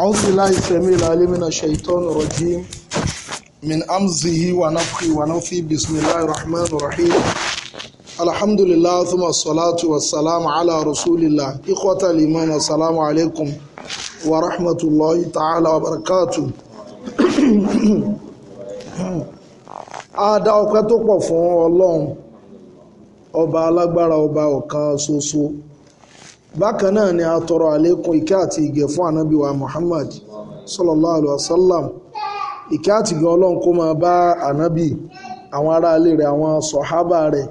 أعوذ بالله السميع العليم من الشيطان الرجيم من أمزه ونفخه ونفي بسم الله الرحمن الرحيم الحمد لله ثم الصلاة والسلام على رسول الله إخوة الإيمان السلام عليكم ورحمة الله تعالى وبركاته a dá ọpẹ́ tó pọ̀ fún Ọlọ́run ọba alágbára ọba ọ̀kan ṣoṣo bákan náà ni a tọrọ àlékún ìkẹ́ àti ìgẹ̀ fún ànábì Muhammad sallallahu alaihi wasallam ìkẹ́ àti ìgẹ̀ ọlọ́run kó máa bá ànábì àwọn aráalé rẹ̀ àwọn sọ̀hábà rẹ̀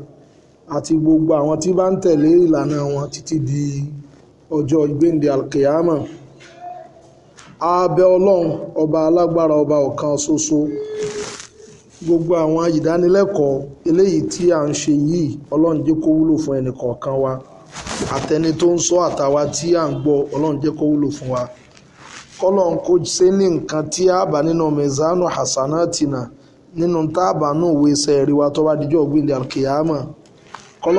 àti gbogbo àwọn tí bá ń tẹ̀lé ìlànà wọn títí di ọjọ́ ìgbéǹde alkiyama a bẹ̀ ọlọ́run ọba alágbára ọba ọ̀kan ṣoṣo gbogbo àwọn ìdánilẹ́kọ̀ọ́ eléyìí tí a ń ṣe yìí ọlọ́run jẹ́ kó wúlò fún ẹnìkọ̀ọ̀kan wa ateni tó ń sọ àtàwa tí à ń gbọ́ ọlọ́run jẹ́ kó wúlò fún wa kọlọn kó ṣe ní nǹkan tí a bá nínú mẹ̀zánù hasanatina nínú táàbà náà wo iṣẹ́ ẹ̀rí tó bá dijọ́ gbìndé alkiyama wá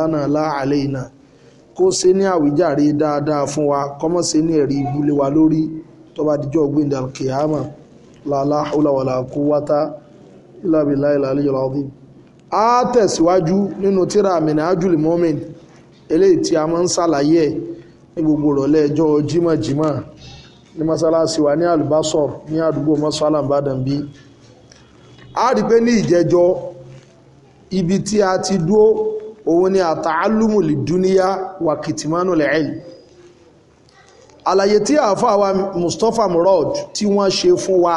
lana la alayna kó ṣe ní àwíjàre dáadáa fún wa kọ́mọ́ ṣe ní ẹ̀rí ìbúlé wa lórí tó bá dijọ́ gbìndé alkiyama a tẹ̀síwájú nínú tíra àmìnà ajúlì mọ́mìn eléyìí tí a máa ń ṣàlàyé ẹ̀ ní gbogbo ìrọ̀lẹ́ ẹjọ́ jímọ̀jímọ̀ ní mọ́sálásí wa ní àlùbásọ̀ ní àdúgbò mọ́sálà ìbàdàn bí a rí pé ní ìjẹjọ́ ibi tí a ti dúó òun ni àtàálùmù lè wà kìtìmánù lẹ́ẹ̀lì àlàyé tí àáfàá wa Mustapha Murad tí wọ́n ṣe fún wa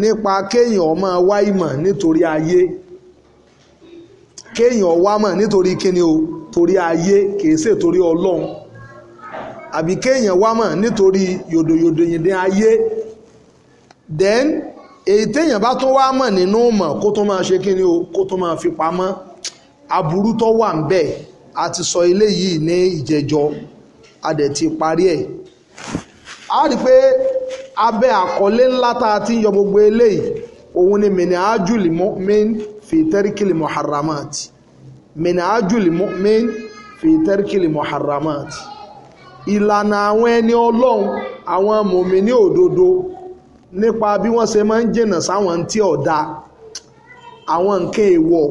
nípa kéèyàn máa wá nítorí ayé kéèyàn wá mọ̀ nítorí kíni o torí ayé kìí ṣe torí ọlọ́run àbí kéèyàn wá mọ̀ nítorí yòdòyòdò yìí ayé then èyí téèyàn bá tún wá mọ̀ nínú mọ̀ kó tó máa ṣe kíni o kó tó máa fi pamọ́ aburú tó wà ń bẹ̀ a ti sọ eléyìí ní ìjẹjọ a dẹ̀ ti parí ẹ̀ a rí pé abẹ́ àkọlé ńlá tá a ti ń yọ gbogbo eléyìí òun ni mìnà ájúlì mọ́ mẹ́rin في ترك المحرمات من عجل المؤمن في ترك المحرمات ìlànà àwọn ẹni ọlọ́run àwọn mòmìnì òdodo nípa bí wọ́n ṣe máa ń sáwọn tí ọ̀dà àwọn nǹkan èèwọ̀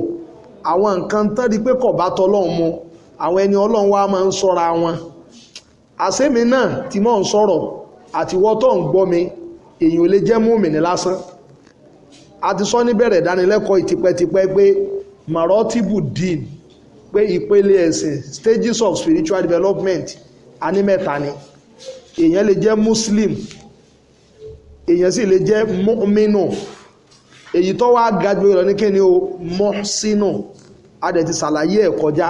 àwọn nǹkan tán di pé mu àwọn ẹni ọlọ́run wa máa ń sọ̀rọ̀ àtiwọ́ tó ń gbọ́ mi èèyàn lásán a ti sọ níbẹ̀rẹ̀ ìdánilẹ́kọ̀ọ́ ìtìpẹ́tìpẹ́ pé marotibu din pé ìpele ẹ̀sìn stages of spiritual development a ní mẹ́ta ni èèyàn lè jẹ́ muslim èèyàn sì lè jẹ́ mọ́mínú èyí tó wá ga jù lọ ní kíni o mọ́sínú a dẹ̀ ti ṣàlàyé ẹ̀ kọjá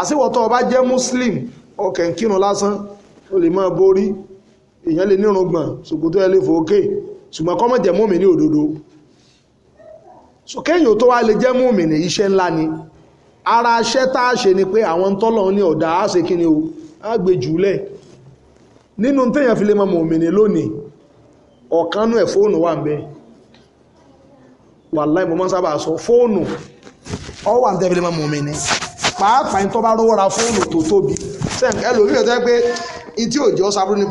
àsìwọ̀ tó bá jẹ́ muslim ọkàn kírun lásán ó lè máa borí èèyàn lè nírun gbọ̀n ṣòkòtò ẹ̀ lè fòókè ṣùgbọ́n kọ́mọ̀jẹ̀ mọ́mí ní òdodo so kéèyàn tó wá lè jẹ́ mùmìnì iṣẹ́ ńlá ni ara iṣẹ́ tá a ṣe ni pé àwọn tọ́lọ̀ ní ọ̀dà á ṣe kíni o á gbé jùlẹ̀ nínú téèyàn fi lè mọ mùmìnì lónìí ọ̀kanú ẹ̀ fóònù wà ń bẹ wàláì mo máa ń sábà sọ fóònù ọ wà ń tẹ́fìlẹ́ mọ mùmìnì pàápàá ní tó bá fóònù tó tóbi sẹ́ǹkì ẹlòmíràn ni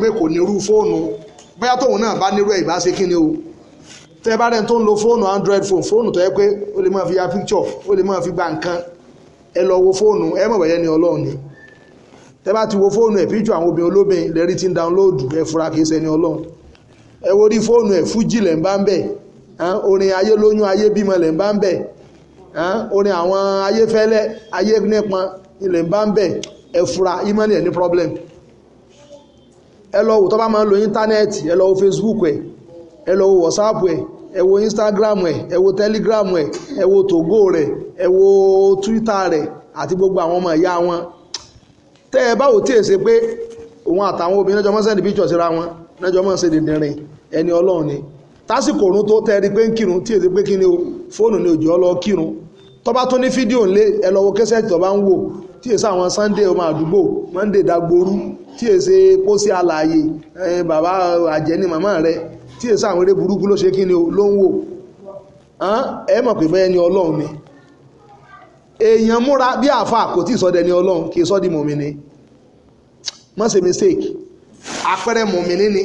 pé tẹ́ bá rẹ̀ tó ń lo fóònù android phone fóònù tó yẹ pé ó lè máa fi ya picture ó lè máa fi gba nǹkan ẹ lọ wo fóònù ẹ mọ̀ bẹ̀yẹ ni ọlọ́run ni tẹ́ bá ti wo fóònù ẹ̀ picture àwọn obìnrin olóbìn lẹ́rí ti ń download ẹ fura kìí ṣe ni ọlọ́run ẹ wo rí fóònù ẹ̀ fújì lẹ̀ ń bá ń bẹ̀ orin ayé lóyún ayé bímọ lẹ̀ ń bá ń bẹ̀ orin àwọn ayé fẹ́lẹ́ ayé nípọn ilẹ̀ ń bá ń bẹ̀ ẹ fura problem ẹ lọ wò tó bá máa ń lo íńtánẹ́ẹ̀tì ẹ lọ wo Facebook ẹ ẹ lọ wo WhatsApp ẹ ẹ wo instagram ẹ̀ ẹ wo telegram ẹ̀ ẹ wo togo rẹ̀ ẹ wo twitter rẹ̀ àti gbogbo àwọn ọmọ ìyá wọn tẹ́ ẹ báwo tí èsè pé òun àtàwọn obìnrin lọ́jọ́ mọ́sẹ́ni picture síra wọn lọ́jọ́ mọ́sẹ́ dìndìnrín ẹni ọlọ́run ni tásìkò òrun tó tẹ́ ẹ rí pé ń kírun tí èsè pé kí ni o fóònù ni òjò ọlọ́ kírun tó bá tó ní fídíò ńlẹ̀ ẹ lọ wo kẹsẹ̀tì tó bá ń wò tí èsè àwọn sunday ọmọ àdúgbò monday dagboru tí èsè pósí àlàyé bàbá àjẹni màmá rẹ̀ tí èsà àwọn eré burúkú ló ṣe kí ni ló ń wò ẹ mọ̀ pé bẹ́ẹ̀ ni ọlọ́run ni èèyàn múra bí àfa kò tí ìsọdẹ ni ọlọ́run kì í sọ́dí mọ̀mìnì má ṣe mistake àpẹẹrẹ mọ̀mìnì ni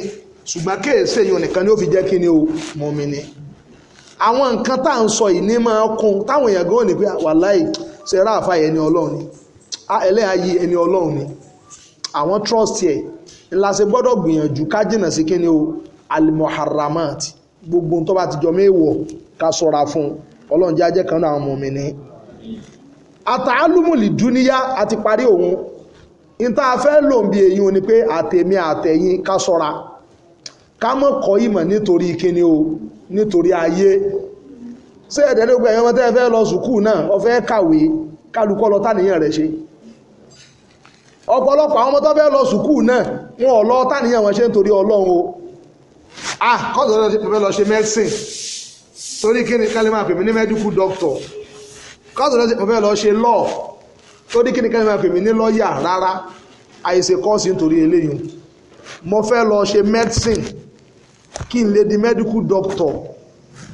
ṣùgbọ́n kéèsè yìí nìkan ni ó fi jẹ́ kí ni o mọ̀mìnì àwọn nǹkan tá à ń sọ yìí ní máa kún táwọn èèyàn gan ni pé wàláì ṣe ra àfa ẹni ọlọ́run ni ẹlẹ́yà yìí ẹni ọlọ́run ni àwọn trust yẹ ńlá ṣe gbọ́dọ̀ gbìyànjú ká jìnnà sí kí ni o almuharramat gbogbo tó bá ti jọ méèwọ̀ ká sọ́ra fún ọlọ́run jẹ́ ajẹ́ kan náà àwọn mọ̀mí ni àtàlùmùlì dúníyá àti parí òun ìta afẹ́ lò ń bi èyí o ni pé àtẹ̀mí àtẹ̀yìn ká sọ́ra ká mọ̀ kọ́ ìmọ̀ nítorí kíni o nítorí ayé ṣé ẹ̀dẹ́dẹ́gbẹ̀ ẹ̀yọ́ mọ́tẹ́ fẹ́ lọ sùkúù náà ó kàwé kálukọ́ lọ tánìyàn rẹ̀ ṣe ọ̀pọ̀lọpọ̀ àwọn ọmọ tó fẹ́ lọ sùkúù náà wọn ò lọ wọn ṣe nítorí ọlọ́run o ah kọ́ọ̀tù ọ̀dọ́ ti pẹ́ lọ ṣe medicine torí kí ni kálí máa pè mí ní medical doctor kọ́ọ̀tù ọ̀dọ́ ti pẹ́ lọ ṣe law torí kí ni kálí máa pè mí ní lọ́ọ̀yà rárá àìsè kọ́ọ̀sì nítorí eléyìí mo fẹ́ lọ ṣe medicine kí n lè di medical doctor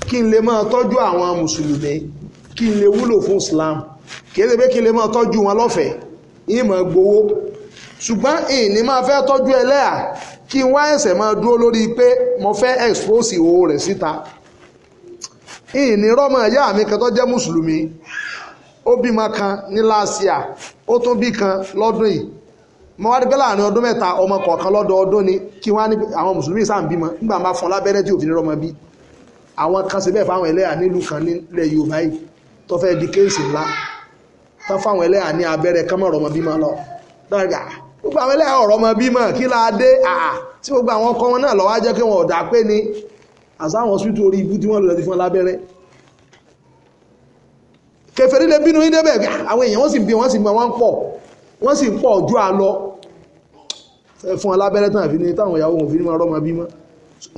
kí n lè máa tọ́jú àwọn mùsùlùmí kí n lè wúlò fún Islam kì í ṣe pé kí n lè máa tọ́jú wọn lọ́fẹ̀ẹ́ yìí máa gbowó ṣùgbọ́n ìní máa fẹ́ tọ́jú ẹlẹ́à kí n wá ẹsẹ̀ máa dúró lórí pé mo fẹ́ expose ìhòòhò rẹ̀ síta ìnirọ́ ọmọ ìyá mi kan tó jẹ́ mùsùlùmí ó bímọ kan ní láàsìá ó tún bí kan lọ́dún yìí mo wá rí pé láàrin ọdún mẹ́ta ọmọ kọ̀ọ̀kan lọ́dọọdún ni kí wọ́n á ní àwọn mùsùlùmí sáà ń bímọ nígbà máa fọn lábẹ́rẹ́ tí òfin rọmọ bí àwọn kan ṣe bẹ́ẹ̀ fáwọn ẹlẹ́yà nílùú kan nílẹ̀ Yorùbá yìí tó fẹ́ di kéèsì ńlá tán fáwọn ẹlẹ́yà ní abẹ́rẹ́ kánmọ̀ rọmọ lọ dáadáa gbogbo àwọn ẹlẹ́yà ọ̀rọ̀ ọmọ bímọ kí la dé àà tí gbogbo àwọn ọkọ wọn náà lọ́wọ́ á jẹ́ kí wọn ọ̀dà pé ni àsáwọn hospital orí ibú tí wọ́n lọ ti fún lábẹ́rẹ́ kẹfẹ́rí lè bínú yín débẹ̀ àwọn èèyàn wọ́n sì bí wọ́n sì mọ wọ́n pọ̀ wọ́n sì pọ̀ ju àlọ́ fún alábẹ́rẹ́ tán àfi ní táwọn ìyàwó òfin máa rọ́mọ bímọ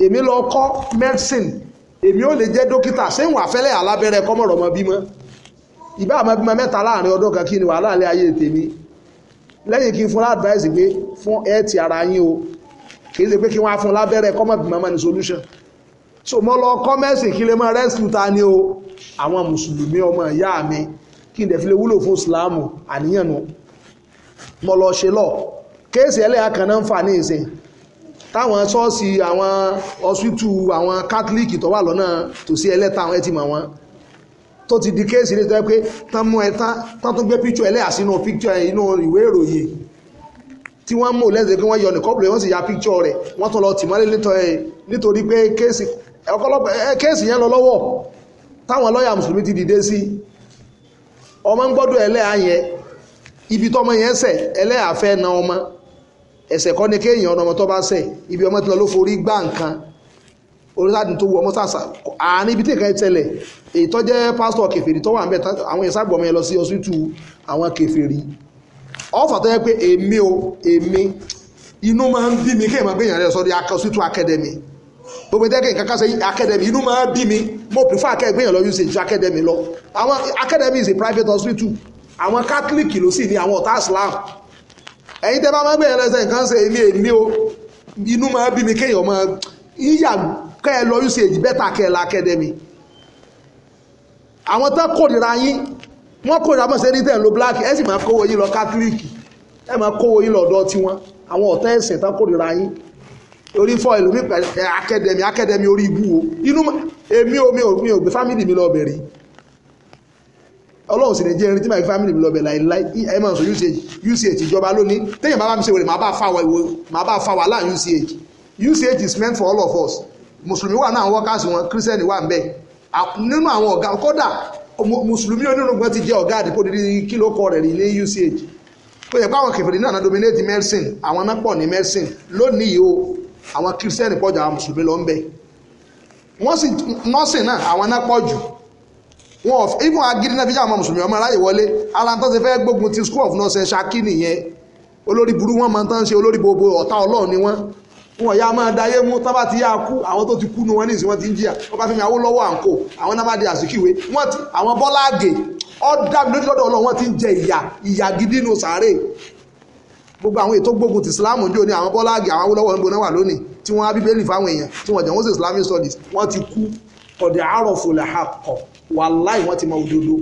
èmi lọ kọ́ medicine èmi ò lè jẹ́ dókítà sẹ́yìn wà fẹ́lẹ́ alábẹ́rẹ́ kọ́mọ̀rọ̀mọ bímọ ìbá àmọ́ bímọ mẹ́ta láàrin ọdún kan kí ni wàhálà alẹ́ ayé tèmi lẹ́yìn kí n fún advice pé fún ẹ̀ẹ́tì ara yín o kì í ṣe pé kí wọ́n á fún lábẹ́rẹ́ kọ́mọ̀bì mọ́mọ́ ní solution so mo lọ kọ́mẹ́sì kí lè mọ rescue ta ni o àwọn mùsùlùmí ọmọ ìyá mi kí n dẹ̀ fi lè wúlò fún ìsìláàmù àníyàn nu mo lọ ṣe lọ kéèsì ẹlẹ́yà kan náà ń fà ní ìsìn táwọn ṣọ́ọ̀ṣì àwọn ọ̀ṣútù àwọn kátólíìkì tó wà lọ́nà tòsí ẹlẹ́ta àwọn ẹtì mọ̀ wọn tó ti di kéèsì lè tẹ́ pé tán mú ẹ tán tán tún gbé píkṣọ ẹlẹ́yà sínú píkṣọ inú ìwé ìròyìn tí wọ́n mú lẹ́sẹ̀ pé wọ́n yọ ní kọ́pùlẹ̀ wọ́n sì ya píkṣọ rẹ̀ wọ́n tún lọ tìmọ́lé nítorí pé kéèsì kéèsì yẹn lọ lọ́wọ́ táwọn lọ́ọ̀yà mùsùlùmí ti dìde sí ọmọ ń gbọ́dọ̀ ẹlẹ́yà yẹn ibi tọ́mọ yẹn ṣẹ̀ ẹlẹ́yà fẹ́ na ọmọ ẹ̀ṣẹ̀ kọ́ ni kéèyàn ọmọ tó bá ṣẹ̀ ibi ọmọ tí lọ ló forí gbá nǹkan orísàdùn tó wọ ọmọ sàṣà àárín ibi tí nǹkan tẹlẹ̀ èyí tó jẹ́ pásítọ̀ kẹfìrí tó wà níbẹ̀ àwọn ìsàgbọ̀ ọmọ yẹn lọ sí ọsítù àwọn kẹfìrí ọ̀fà tó yẹ pé èmi o èmi inú máa ń bí mi kí èèmọ̀ gbìyànjú rẹ̀ sọ́dọ̀ ọsítù akademi gbogbo jẹ́ kí n kankan sẹ́yìn academy inú máa bí mi mo prefer akẹ́gbẹ́ yẹn lọ usage ju academy lọ àwọn academy is a private hospital àwọn catholic ló sì ní àwọn ọ̀tá islam ẹ̀yin tẹ́ bá máa gbé yẹn lọ sẹ́yìn kan ṣe èmi èmi o inú máa bí mi kéèyàn máa yíyà kẹ́ ẹ lọ usage bẹ́tà kẹ́ ẹ la academy àwọn tán kórìíra yín wọ́n kórìíra mọ̀ sẹ́ni tẹ̀ ń lo black ẹ sì máa kówó yín lọ catholic ẹ máa kówó yín lọ́dọ̀ tiwọn àwọn ọ̀tá ẹ̀sìn tán kórìíra yín orí fọ ìlú mi pẹ̀lú academy academy orí ibú o inú èmi omi ò mi ò gbé family mi lọ bẹ̀rẹ̀ ọlọ́run sì ní jẹ́ irin tí màá fi family mi lọ bẹ̀rẹ̀ láìláì ẹ máa sọ uch uch ìjọba lónìí téèyàn bá bá mi ṣe wèrè màá bá fa wàhálà uch uch is meant for all of us mùsùlùmí wà náà àwọn wọ́kàsì wọn kírísítẹ́nì wà ń bẹ̀ nínú àwọn ọ̀gá kódà mùsùlùmí onírúgbọ́n ti jẹ́ ọ̀gá àdìpọ̀ dídí kílò kọ rẹ̀ rí ní uch tó yẹ pé àwọn kẹfìrí náà náà dominate medicine àwọn náà pọ̀ ní medicine lónìí o àwọn kírísítẹ́nì pọ̀ jù àwọn lọ wọ́n sì nọ́ọ̀sìn náà àwọn náà pọ̀ jù wọn ò agídí ara tó ti fẹ́ school of nurses ṣakí nìyẹn olórí burú wọn máa ń tán ṣe olórí gbogbo ọ̀tá ni wọn ya máa dayé mú tán bá ti yá kú àwọn tó ti kú nu wọn ní ìsìn wọn ti ń jìyà wọn bá fi mi àwọ lọ́wọ́ à ń kó àwọn náà bá di àsìkíwé wọn ti àwọn bọ́lá àgè ọ̀dà mi lójú lọ́dọ̀ ọlọ́run wọn ti ń jẹ ìyà ìyà gidi nù sàárè gbogbo àwọn ètò gbógun ti islam ń jò ní àwọn bọ́lá àgè àwọn awólọ́wọ̀ ń gbóná wà lónìí tí wọ́n á bíbélì fáwọn èèyàn tí wọ́n jẹ́ wọ́n sì islamic studies wọ́n ti kú ọ̀dẹ̀ àròfò làhàkọ̀ wàláì wọ́n ti mọ òdodo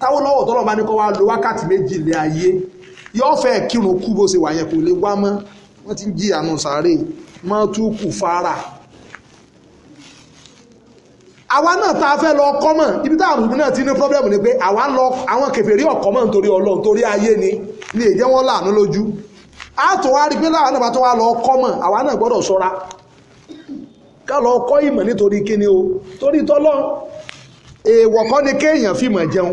táwọn lọ́wọ́ tọ́lọ́ bá ní kọ́ wá lo wákàtí méjì lé ayé yọ́ọ́ fẹ́ kírun kú bó ṣe wà yẹn kò lè wá mọ́ wọ́n ti ń jìyà nù sáré mọ́túkù fara àwa náà tá a fẹ́ lọ kọ́mọ̀ ibi tá àwọn mùsùlùmí náà ti ní pọ́blẹ́mù ni pé àwa lọ àwọn kèfèrí ọ̀kọ́mọ̀ nítorí ọlọ́run torí ayé ni ní èdè wọn láàánú lójú a tó wá rí pé láwọn náà bá tó wá lọ kọ́mọ̀ àwa náà gbọ́dọ̀ ṣọ́ra ká lọ kọ́ ìmọ̀ nítorí kíni o torí tọ́lọ́ èèwọ̀ kọ́ ni kéèyàn fìmọ̀ jẹun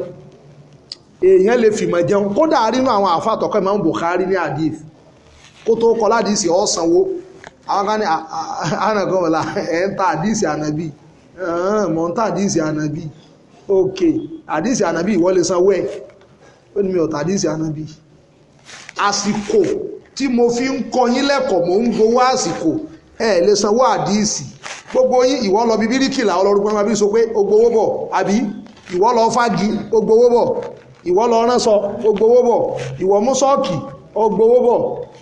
èèyàn lè fìmọ̀ jẹun kódà rínú àwọn àfàtọ̀kọ́ Imam Bukhari ní hadith kó tó kọ́ ládìsí ọ̀sánwó àwọn kan ní ànàkọ́wọ̀lá ẹ̀ ń ta àdìsí ànàbí mọ̀ ń ta àdìsí ànàbí ok àdìsí ànàbí ìwọlé sanwó ẹ̀ ó ní mi ò ta mo fi ń kọ yín lẹ́kọ̀ọ́ mò ń gbowó àsìkò lè sanwó àdìsí gbogbo yín ìwọ lọ bí bíríkìlà ọlọ́rùkún ẹ̀ma bí sọ pé ó gbowó bọ̀ àbí ìwọ lọ fági ó gbowó bọ̀ ìwọ lọ ránṣọ ó gbowó bọ̀ ìwọ mú sọ́ọ̀kì ó gbowó bọ̀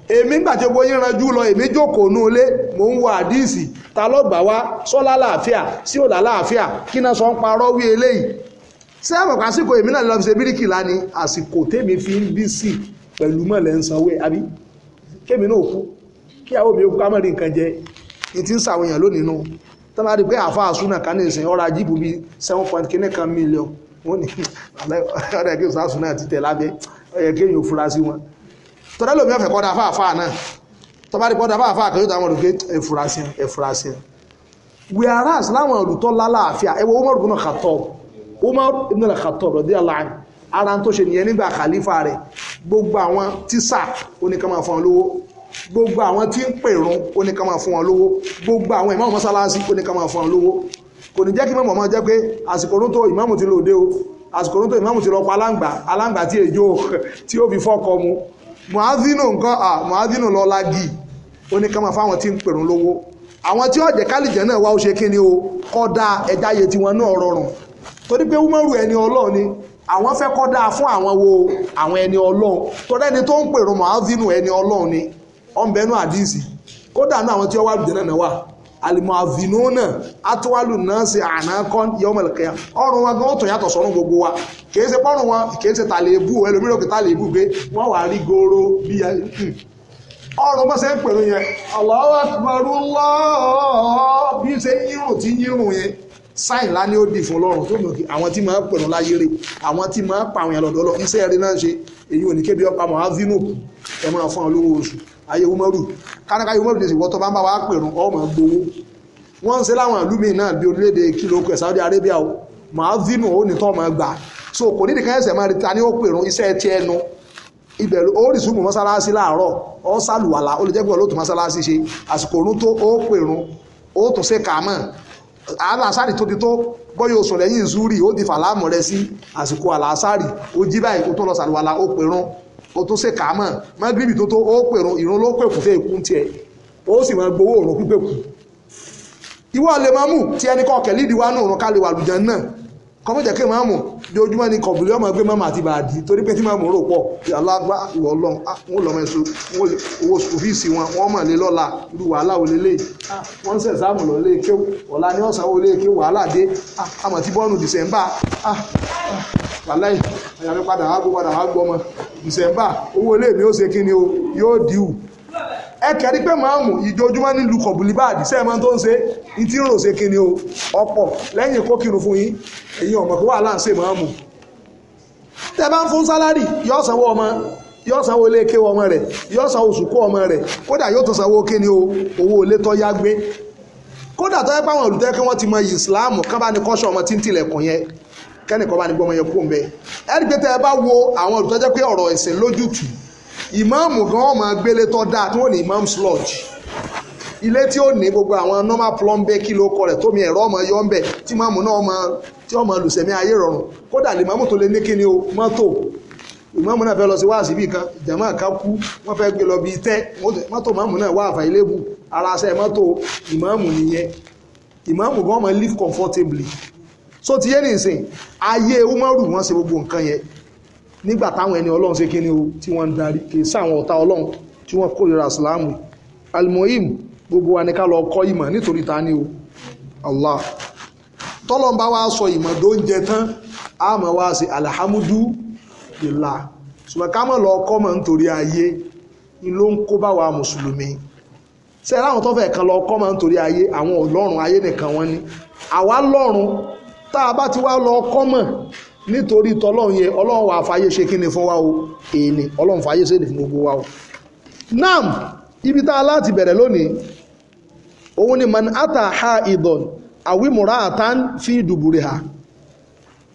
èmi gbà tí gbogbo yín ranjú lọ èmi jókòó nú ilé mò ń wo àdíìsì ta ló gbà wá sọ́lá làáfíà sí òdà làáfíà kí náà sọ ń parọ́ wí eléyìí ṣé àmọ̀ pàṣípò èmi náà lọ fi ṣe bíríkì lánìí àsìkò tèmi fi ń bí sí pẹ̀lú mọ̀lẹ́ ń sanwó ẹ̀ àbí kémi náà kú kí àwọn òbí ká mọ̀rí nǹkan jẹ ní ti ń sàwọn èèyàn lónìí nù tó pé àáfàá súnà kan ní ìsìn ọ̀rọ̀ ajíbù bíi seven point kínní kan mílíọ̀n wọ́n ní ọ̀rẹ́ kí òṣàsùn ti tẹ̀ lábẹ́ ọ̀yẹ́ kéèyàn fura sí wọn tọ́lá lómi ọ̀fẹ́ kọ́dá fáàfáà náà tọ́ba rí kọ́dá fáàfáà kan yóò tàwọn olùgbé ẹ̀fúrasìn ẹ̀fúrasìn whereas láwọn olùtọ́ lálàáfíà ẹwọ́ Umar ibn Khattab Umar ibn Khattab radiyallahu anhu ara tó ṣe nìyẹn nígbà khalifa rẹ̀ gbogbo àwọn tíṣà oníkan máa fún wọn lówó gbogbo àwọn tí ń pèrún oníkan máa fún wọn lówó gbogbo àwọn ìmáàmù mọ́sálásí oníkan máa fún wọn lówó kò ní jẹ́ kí mọ̀mọ́ máa jẹ́ pé àsìkò orúntò ìmáàmù ti lòde o àsìkò orúntò ìmáàmù ti lọ pa aláǹgbà aláǹgbà tí èjò tí ó fi fọ́kọ mu muazinu nǹkan à muazinu lọ́la gì ó ní ká máa fáwọn tí ń pèrún lówó àwọn tí ọ̀jẹ̀ kálíjẹ̀ náà wá ó ni o kọ́dà ẹja iye tiwọn náà rọrùn torí pé wúmọ́rù ẹni ọlọ́run ni àwọn fẹ́ kọ́dà fún àwọn wo àwọn ẹni ọlọ́run torí ẹni tó ń pèrún muazinu ẹni ọlọ́run ni ọ̀nbẹ́nu àdìsí kódà náà àwọn tí ó wà wa. náà wà àlìmọ̀ àvìnú náà átúwálù náà ṣe ànákọ́ yọmọlẹ̀kẹ́ ọrùn wọn gan ọ̀tọ̀ yàtọ̀ sọ́run gbogbo wa kìí ṣe pọ́rùn wọn kìí ṣe tàlẹ́bù ẹlòmíràn kì tàlẹ́bù gbé wọ́n wà rí goro bí hmm. ọrùn bá ṣe ń pèrò yẹn Allahu Akbar Allah bí ṣe yírùn tí yírùn yẹn sáì ńlá ni ó dì fún ọlọ́run tó lòkè àwọn tí máa ń láyé rè àwọn tí máa ń pa àwọn èèyàn lọ́dọ̀ náà ṣe èyí ò ní kébi ọ̀pá mọ̀ á máa fún ọ oṣù Aye umaru kánákáyé umaru ní ìwọ́tọ̀ bá ń bá wa pèrún ọmọ gbowó wọ́n ń láwọn ìlú míì náà bí orílẹ̀-èdè kìlọ̀ ọkọ̀ Saudi Arabia o màá vínú ó ní gbà so kò ní nìkan ẹsẹ̀ máa rí ta ni ó pèrún iṣẹ́ ti ẹnu ibẹ̀ oríṣiríṣi mọ́sálásí láàárọ̀ ọ́ sàlùwàlà ó olóòtú mọ́sálásí ṣe àsìkò òrun tó ó pèrún ó tún ṣe kàmọ́ tó ti tó bọ́yọ̀ ó di rẹ sí àsìkò ó o tún ṣe kà á mọ̀ mágíríbì tó tó ó pèrò ìrún ló pè fúnfẹ́ ikú tiẹ̀ ó sì máa gbowó òrùn pípẹ́ kù ìwọ lè máa mú tí ẹnì kan kẹ̀lídìí náà náà kọ́mọ̀jẹ̀ kí máa mú ojoojúmọ́ ni kọ̀bùlì ọmọ ẹgbẹ́ máa àti bàdí torí pé tí máa mú rò pọ̀ alágbá ìwọ̀ ọlọ́run ah, wọn lọ́mọ ẹ̀sọ́ owó sùfíìsì wọn wọn mọ̀ lé lọ́la irú wàhálà ò lélẹ̀ ah, wọ́n ń sẹ̀ sáàmù lọ léèké ọ̀la ní ọ̀sán ó léèké wàhálà dé àmọ̀ ah, tí bọ́ọ̀nù dìsẹ̀mbà wàláì àyàmí padà wá padà wá gbọ́ ni o yóò ẹ kẹ́rí pé máàmù ìjọjúmọ́ ní lu kọ̀bùlì báàdì sẹ́ẹ̀mọ́ tó ń ṣe ní tí rò ṣe kí ni o ọ̀pọ̀ lẹ́yìn kó kírun fún yín ẹ̀yin ọ̀mọ̀ pé wàhálà ń ṣe máàmù tẹ́ bá ń fún sálárì yóò sanwó ọmọ yóò sanwó ilé kéwọ ọmọ rẹ̀ yóò sanwó sùkú ọmọ rẹ̀ kódà yóò tún sanwó kí ni o owó ilé tó yá gbé kódà tó yẹ pé àwọn olùtẹ́ kí ti mọ ìsìláàmù kán bá ní kọ́ṣọ́ ọmọ tí ń tilẹ̀kùn yẹn kẹ́nìkan bá ní gbọ́mọ yẹn kú òun ẹ̀rí pé tẹ́ ẹ bá wo àwọn olùtọ́jẹ́ ọ̀rọ̀ ẹ̀sìn lójútùú ìmáàmù gan wọ́n máa gbélé tó dáa tí wọ́n ní ìmáàmù slọ́ọ̀jì ilé tí ó ní gbogbo àwọn normal plumber kí ló kọ rẹ̀ tómi ẹ̀rọ ọmọ yọ ń bẹ̀ tí máàmù náà ọmọ tí ọmọ lùsẹ̀mí ayé rọrùn kódà lè máàmù tó lé ní kíni o mọ́tò ìmáàmù náà fẹ́ lọ sí wáàsí bì kan ìjàmá kan kú wọ́n fẹ́ gbé lọ bí tẹ́ mọ́tò máàmù náà wà àfàìlébù ara ṣe mọ́tò ìmáàmù nìyẹn ìmáàmù gan máa live comfortably so ti yé nìsín ayé umaru wọ́n ṣe gbogbo nǹkan yẹn nígbà táwọn ẹni ọlọ́run ṣe kíni o tí wọ́n ń darí kì í sáwọn ọ̀tá ọlọ́run tí wọ́n kórìíra ìsìláàmù alimohim gbogbo wa ni ká lọ kọ́ ìmọ̀ nítorí ta ni o Allah tọ́lọ́n bá wá sọ ìmọ̀ tó ń jẹ tán a mọ̀ wá sí alhamdu ìlà ṣùgbọ́n ká mọ̀ lọ kọ́ mọ̀ nítorí ayé ló ń kó bá wa mùsùlùmí ṣe láwọn tó fẹ́ kan lọ kọ́ mọ̀ nítorí ayé àwọn ọlọ́run ayé nìkan wọ́n ní àwa lọ́run tá a bá ti wá lọ kọ́ mọ̀ nítorí tọ́lọ́run yẹn ọlọ́run wà fàyè ṣe kí ni fún wa o èèní ọlọ́run fàyè ṣe ni fún gbogbo wa o nam ibi tá a láti bẹ̀rẹ̀ lónìí òun ni man ha idon awimura atan fi dùbúrẹ́ ha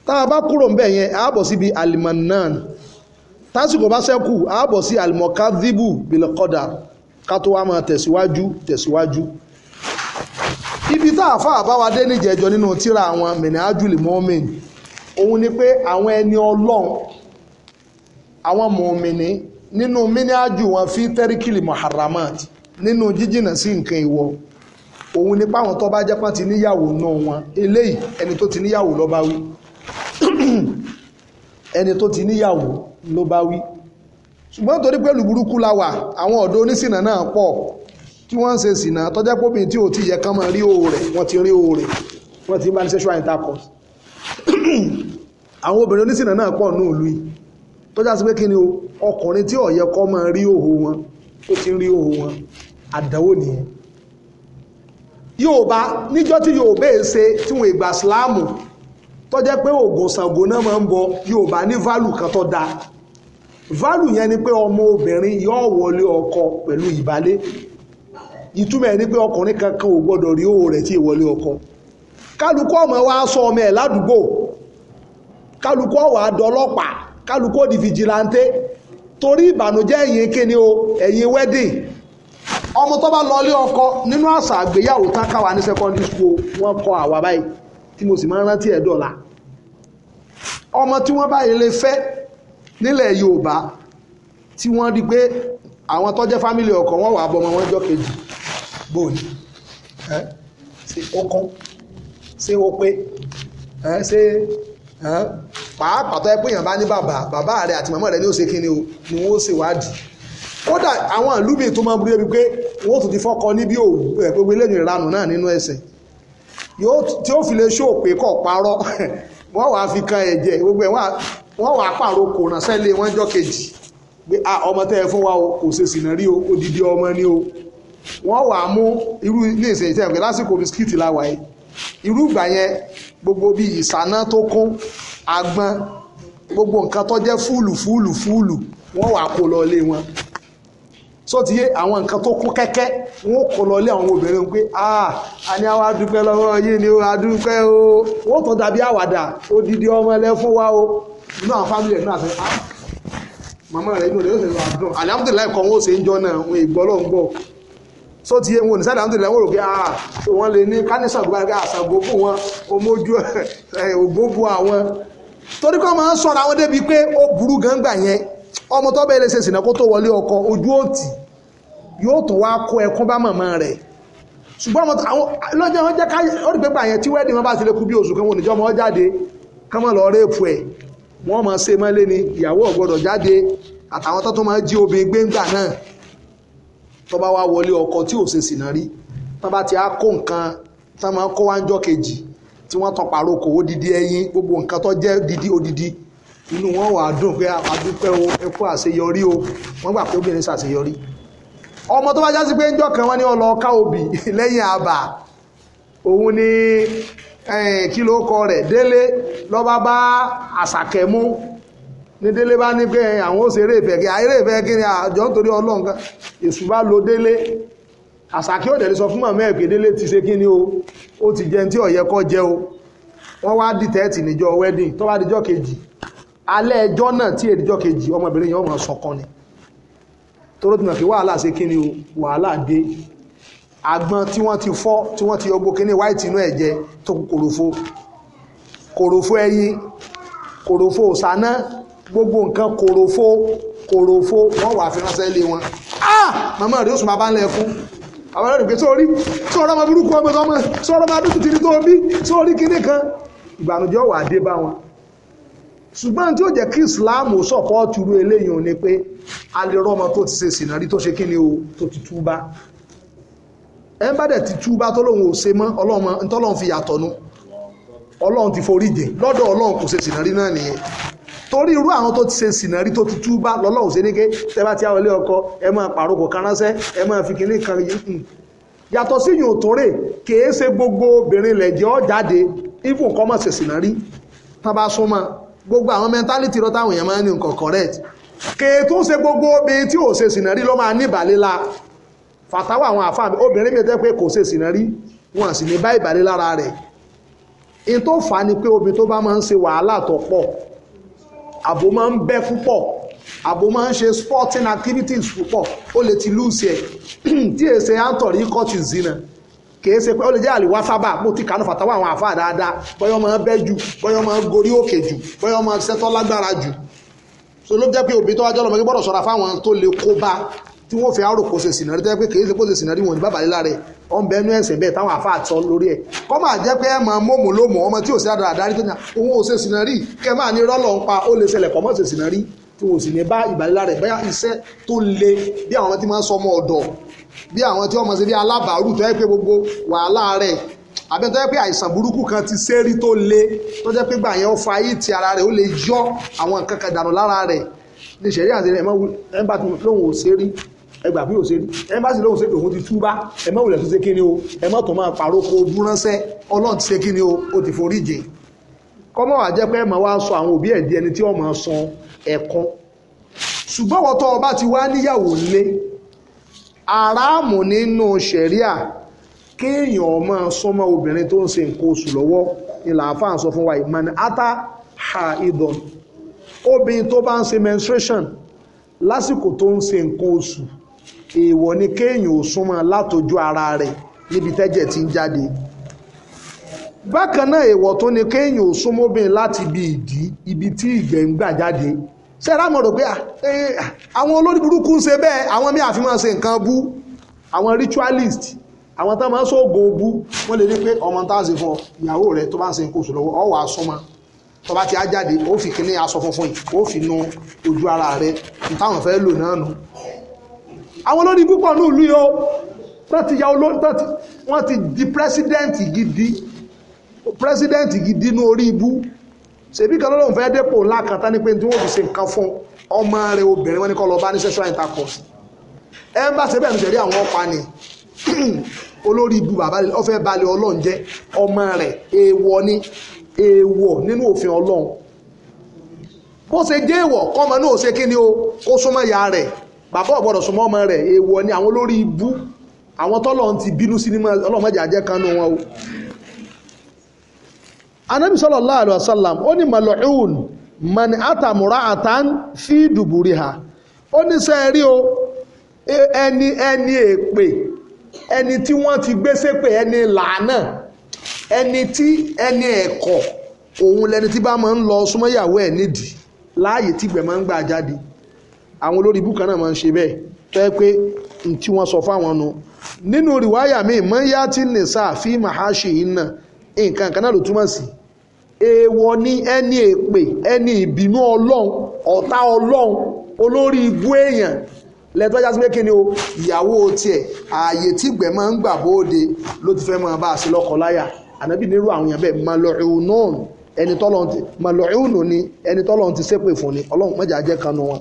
tá a bá kúrò ń bẹ̀ yẹn àábọ̀ síbi alimannan tásìkò bá sẹ́kù àábọ̀ sí alimọ̀kadìbù bilẹ̀kọ́dà ká tó wá máa tẹ̀síwájú tẹ̀síwájú ibi tá a fà bá wa dé níjẹ̀jọ nínú tíra àwọn mẹ̀nẹ́ ájúlì mọ́mìn òun ni pé àwọn ẹni ọlọ́run àwọn mùmìnì nínú mínájú wọn fi tẹ́ríkìlì muharramat nínú jíjìnà sí nǹkan ìwọ òun ni páwọn tó bá jápá ti níyàwó náà wọn eléyìí ẹni tó ti níyàwó ló bá wí ẹni tó ti níyàwó ló bá wí ṣùgbọ́n torí pẹ̀lú burúkú la wà àwọn ọ̀dọ́ onísìnà náà pọ̀ tí wọ́n ń ṣe sìnà tọ́jẹ́ pópin tí ò ti yẹ kán mọ́ rí òòrẹ̀ wọ́n ti rí òòrẹ̀ wọ́n ti bá ní sexual intercourse àwọn obìnrin onísìnà náà pọ̀ ní ìlú tó já sí pé kí ọkùnrin tí ọ̀yẹ rí òhò wọn ó ti rí òhò wọn àdánwò nìyẹn Yorùbá níjọ́ tí Yorùbá ń ṣe tí ìgbà síláàmù tó jẹ́ pé ògùn bọ ní válù kan tó da válù yẹn ni pé ọmọ wọlé ọkọ pẹ̀lú ìbálé ni pé ọkùnrin kankan ò gbọ́dọ̀ rí òhò rẹ̀ tí ọkọ kálukú ọmọ wa sọ kálukú ọ̀wà àdọ́lọ́pàá kálukú di fìjìláńtẹ́ torí ìbànújẹ́ ẹ̀yìn kíni o ẹ̀yìn wedding ọmọ tó bá lọlé ọkọ nínú àṣà àgbéyàwó tá káwa ní secondary school wọ́n kọ àwa báyìí tí mo sì máa ń rántí ẹ̀ dọ̀la ọmọ tí wọ́n báyìí lè fẹ́ nílẹ̀ Yorùbá tí wọ́n rí pé àwọn tó jẹ́ ọkọ wọn wà bọ́mọ wọn jọ kejì bóyí ẹ ṣe ó kán ṣe ó pé ẹ ṣe ẹ pàápàá tó yẹ pé èèyàn bá ní bàbá bàbá rẹ àti màmá rẹ ní òsè kíni o ni wọn ó ṣèwádìí kódà àwọn ìlú míì tó máa burú débi pé wọn ó tún ti fọkọ níbi òwú ẹ pé wílé ìrìn ìranù náà nínú ẹsẹ tí ó fi lè ṣó òpè kọ parọ́ wọn wàá fi kan ẹ̀jẹ̀ gbogbo ẹ wọn wàá pààrọ̀ kò ràn sẹ́lẹ̀ wọn jọ kejì pé ọmọ tẹ́ ẹ fún wa kò ṣe sìnà rí o odidi ọmọ ni o wọ́n wàá mú irú ilé ìsẹ̀yìn tẹ́ ẹ̀ pé lásìkò bisikíìtì la wà yìí irú ìgbà yẹn gbogbo bíi ìsáná tó kún agbọ́n gbogbo nǹkan tó jẹ́ fúlù fúlù fúlù wọ́n wà kó lọ lé wọn só ti yé àwọn nǹkan tó kún kẹ́kẹ́ wọ́n kó lọ lé àwọn obìnrin pé ah a ní àwa dúpẹ́ lọ́wọ́ yín ni ó a dúpẹ́ o wọ́n tó dàbí àwàdà odidi ọmọ ẹlẹ́ fún wa o inú àwọn fámìlì ẹ̀ náà sẹ́ ah màmá rẹ̀ inú rẹ̀ yóò ṣe lọ àdùn alihamudulilayi kan wọ́n ṣe ń jọ náà wọ́n ìgbọ́ lọ́n gbọ́ so ti yé wọn ní sáà alihamudulilayi wọ́n rò pé ah wọ́n lè ní kánísàn gbọ́dọ̀ àṣàgbó fún wọn omójú ògbóbu àwọn torí kọ́ máa ń sọ̀rọ̀ àwọn débi pé ó burú gangba yẹn ọmọ tó bẹ̀rẹ̀ ṣe sìnà kó tó wọlé ọkọ ojú òtì yóò tó wá kó ẹkún bá màmá rẹ̀ ṣùgbọ́n ọmọ àwọn lọ́jọ́ wọn jẹ́ ká ó rí pépà yẹn tí wẹ́ẹ̀dì wọn bá ti lè kú bí oṣù kan wọn níjọ́ ọmọ jáde kán mọ́ lọ réèpù ẹ̀ wọ́n máa ṣe mọ́lé ni ìyàwó ọ̀gbọ́dọ̀ jáde àtàwọn tó tó máa jí obìnrin gbéńgbà náà tó bá wá wọlé ọkọ tí ò ṣe sìnà rí tó bá ti á kó nǹkan tó máa kó wá ń jọ́ tí wọ́n tọ́ pàrókò odidi ẹyin gbogbo nǹkan tó jẹ́ didi odidi inú wọn wà á dùn pé àdúpẹ́ o ẹ kú àṣeyọrí o wọ́n gbà pé obìnrin ṣàṣeyọrí ọmọ tó bá jásí pé ńjọ́ kan wọ́n ní ọlọ ká òbí lẹ́yìn àbà òun ni kí ló kọ rẹ̀ délé lọ́ba bá àṣàkẹ́ mú ní délé bá ní pé àwọn ó ṣe eré ìfẹ́ kí eré ìfẹ́ kí ni àjọ nítorí ọlọ́run kan èṣù bá lo délé àsàkí òdẹ̀ lè sọ fún màmá ẹ̀pẹ́ délé ti ṣe kíní o ó ti jẹun tí ọ̀yẹ́ kọ́ jẹ́ o wọ́n wá dìtẹ́ẹ̀tì níjọ́ wedding tó bá dijọ́ kejì alẹ́ ẹjọ́ náà tí èdìjọ́ kejì ọmọbìnrin yẹn ọmọ sọ̀kan ni tó lótìmọ̀ pé wàhálà ṣe kíní o wàhálà dé àgbọn tí wọ́n ti fọ́ tí wọ́n ti yọgbó kíní white inú ẹ̀jẹ̀ tó kòròfo kòròfo wà fi ah màmá rẹ̀ ó àwọn ẹlẹ́rìí pé sórí sọ̀rọ̀ ọmọ burúkú ọmọ ọmọ sọ̀rọ̀ ọmọ adúgbò tìrì tó bí sórí kinní kan ìbànújẹ́ wà dé bá wọn ṣùgbọ́n tí ó jẹ́ kí Islam eléyìí ò ní pé a lè rọ́mọ tó ti ṣe sìnà rí tó ṣe kíni o tó ti túbá ẹ̀ ń bá dẹ̀ ti túbá ò ṣe mọ́ ọlọ́run fi yàtọ̀ ọlọ́run ti forí lọ́dọ̀ ọlọ́run kò ṣe rí náà nìyẹn torí irú àwọn tó ti ṣe sìnàrí tó ti túbá lọ́lọ́hùn ṣe ní ké tẹ́bá tí àwọn ilé ọkọ ẹ máa pàrokò kan ránṣẹ́ ẹ máa fi kínní kan yìí hmm. yàtọ̀ sí yìí ò tó rè kèé ṣe gbogbo obìnrin lẹ̀jẹ̀ ọ́ jáde even kọ́ mọ̀ ṣe sìnàrí tá bá súnmọ́ gbogbo àwọn mẹ́ntálítì rọ táwọn èèyàn máa ń ní nǹkan correct kèé tó ṣe gbogbo obìnrin tí ò ṣe sìnàrí ló máa ní ìbàlẹ̀ la fàtàwọ̀ àwọn àfáà obìnrin mi tẹ́ pé kò ṣe sìnàrí wọn sì ní bá ìbàlẹ̀ lára rẹ̀ in tó fà á ni pé obìnrin tó bá máa ń ṣe wàhálà tó pọ̀ àbò máa ń bẹ́ púpọ̀ àbò máa ń ṣe sporting activities púpọ̀ ó lè ti lùsì ẹ̀ tí èsè àǹtọ̀rí kọ́ọ̀tì zina kìí ṣe pé ó lè jẹ́ àlìwá sábà mo ti kànú fàtàwọ́ àwọn àfáà dáadáa bóyá ọmọ bẹ́ jù bóyá ọmọ gorí òkè jù bóyá ọmọ ṣẹ́tọ́ lágbára jù so ló jẹ́ pé òbí tó wájọ́ lọ́mọ gbọ́dọ̀ sọ̀rọ̀ fáwọn tó lè kó bá tí wọ́n fi àrò kò ṣe sìnà rí tẹ́lẹ̀ pé kì í ṣe kó ṣe sìnà rí wọn ní bàbá líla rẹ̀ ọ̀n bẹ ẹnu ẹ̀sìn bẹ́ẹ̀ táwọn àfa àtọ́ lórí ẹ̀ kọ́ máa jẹ́ pé ẹ máa mọ̀mọ́ ló mọ̀ ọmọ tí ò sí àdára àdárí tó ní òun ò ṣe sìnà rí kẹ́ máa ní rọ́lọ̀ ń pa ó lè ṣẹlẹ̀ kọ́ mọ́ ṣe sìnà rí tí wọn ò sì ní bá ìbàlélá rẹ̀ bẹ́ẹ̀ iṣẹ́ tó le bí àwọn tí máa ń sọmọ ọ̀dọ̀ bí àwọn tí wọ́n mọ̀ sí bí alábàárù tó yẹ pé gbogbo wàhálà rẹ̀ àbẹ́ tó jẹ́ pé àìsàn burúkú kan ti sérí tó le tó jẹ́ pé gbà yẹn ó fa ayé ti ara rẹ̀ ó lè yọ àwọn nǹkan kan dànù lára rẹ̀ ní ìṣẹ̀rí àti ẹ̀ ẹ̀ bá ti lóun ò sérí ẹgbà bí òṣèlú ẹmbásí lóhùn ṣètò òun ti túbá ẹmọ òwúlẹ̀ tó ṣe kí ni o ẹmọ tó máa pàrọ̀ kó ojú ránṣẹ́ ọlọ́run ti ṣe kí ni o ó ti forí jìn kọ́mọ́ wà jẹ́ pé màá wá sọ àwọn òbí ẹ̀ di ẹni tí ọmọ san ẹ̀kan ṣùgbọ́n wọ́n tọ́ ọba ti wá níyàwó lé aráàmù nínú ṣẹ̀ríà kéèyàn ọmọ sọmọ obìnrin tó ń ṣe nǹkan oṣù lọ́wọ́ ìlà àfáà sọ fún wa ìmọ̀ni ata ha idon obìnrin tó bá ń ṣe menstruation lásìkò tó ń ṣe nǹkan oṣù èèwọ̀ ni kéèyàn ò súnmọ́ látojú ara rẹ̀ níbi tẹ́jẹ̀ ti ń jáde bákan náà èèwọ̀ tó ni kéèyàn ò súnmọ́ obìnrin láti ibi ìdí ibi tí ìgbẹ́ ń gbà jáde ṣe rámọ̀ rò pé àwọn olórí burúkú ń ṣe bẹ́ẹ̀ àwọn míì àfi ṣe nǹkan bú àwọn ritualist àwọn tó máa ń ṣoògùn obú wọ́n lè ní pé ọmọ tá a ṣe fún ọ ìyàwó rẹ tó bá ń ṣe nǹkan oṣù lọ́wọ́ ọ wàá tó bá ti á jáde ó fi kíní aṣọ funfun yìí ó fi nu ojú ara rẹ táwọn fẹ́ lò náà nù àwọn olórí púpọ̀ ní ìlú yóò tán ti ya olórí tán ti wọ́n ti di pírẹsidẹ́ǹtì gidi pírẹsidẹ́ǹtì gidi ní orí ibú ṣèbí kan lọ́dún fẹ́ dépò ńlá kan tán ní pé tí wọ́n fi ṣe nǹkan fún ọmọ rẹ̀ obìnrin wọn ní kọ́ lọ bá ní sexual intercourse ẹ ń bá ṣe bẹ́ẹ̀ nìjẹ́rí àwọn ọ̀pá ni olórí ibú bàbá ọ̀fẹ́ balẹ̀ ọlọ́run jẹ́ ọmọ rẹ̀ èèwọ̀ ni èèwọ̀ nínú òfin ọlọ́run bó ṣe jẹ́ èèwọ̀ kọ́mọ náà ṣe kí ni o kó súnmọ́ ìyá rẹ̀ bàbá ò gbọ́dọ̀ súnmọ́ ọmọ rẹ̀ èèwọ̀ ni àwọn olórí ibú àwọn tọ́lọ́run ti bínú sí ní ọlọ́mọdé àjẹ́ kan nù wọn o anábì sallallahu alaihi wasallam ó ní mal'un man ata mura'atan fi duburiha ó ní sẹ́ẹ̀rí o ẹni ẹni èpè ẹni tí wọ́n ti gbé ṣépè ẹni làánà ẹni tí ẹni ẹ̀kọ́ òun lẹni tí bá láàyè tí gbẹ̀ ń gbà jáde àwọn olórí ibú kan náà máa ń ṣe bẹ́ẹ̀ tó yẹ pé tí wọ́n sọ fáwọn nu nínú rìwáyà míì mọ́ yá tí nìsa fi màháṣì yìí nà nǹkan kan náà ló túmọ̀ sí èèwọ̀ ní ẹni èpè ẹni ìbínú ọlọ́run ọ̀tá ọlọ́run olórí ibú èèyàn lẹ́tọ́ já sí pé kíni o ìyàwó tiẹ̀ ààyè tí gbẹ̀ máa ń gbà bóde ló ti fẹ́ máa bá a sí lọ́kọ láyà ànábì nírú àwọn èèyàn bẹ́ẹ̀ malọ̀ẹ́hùn náà ẹni tọ́lọ́hun ti malọ̀ẹ́hùn ní ẹni tọ́lọ́hun ti ṣépè fún ni ọlọ́run mọ́jà jẹ́ kanú wọn.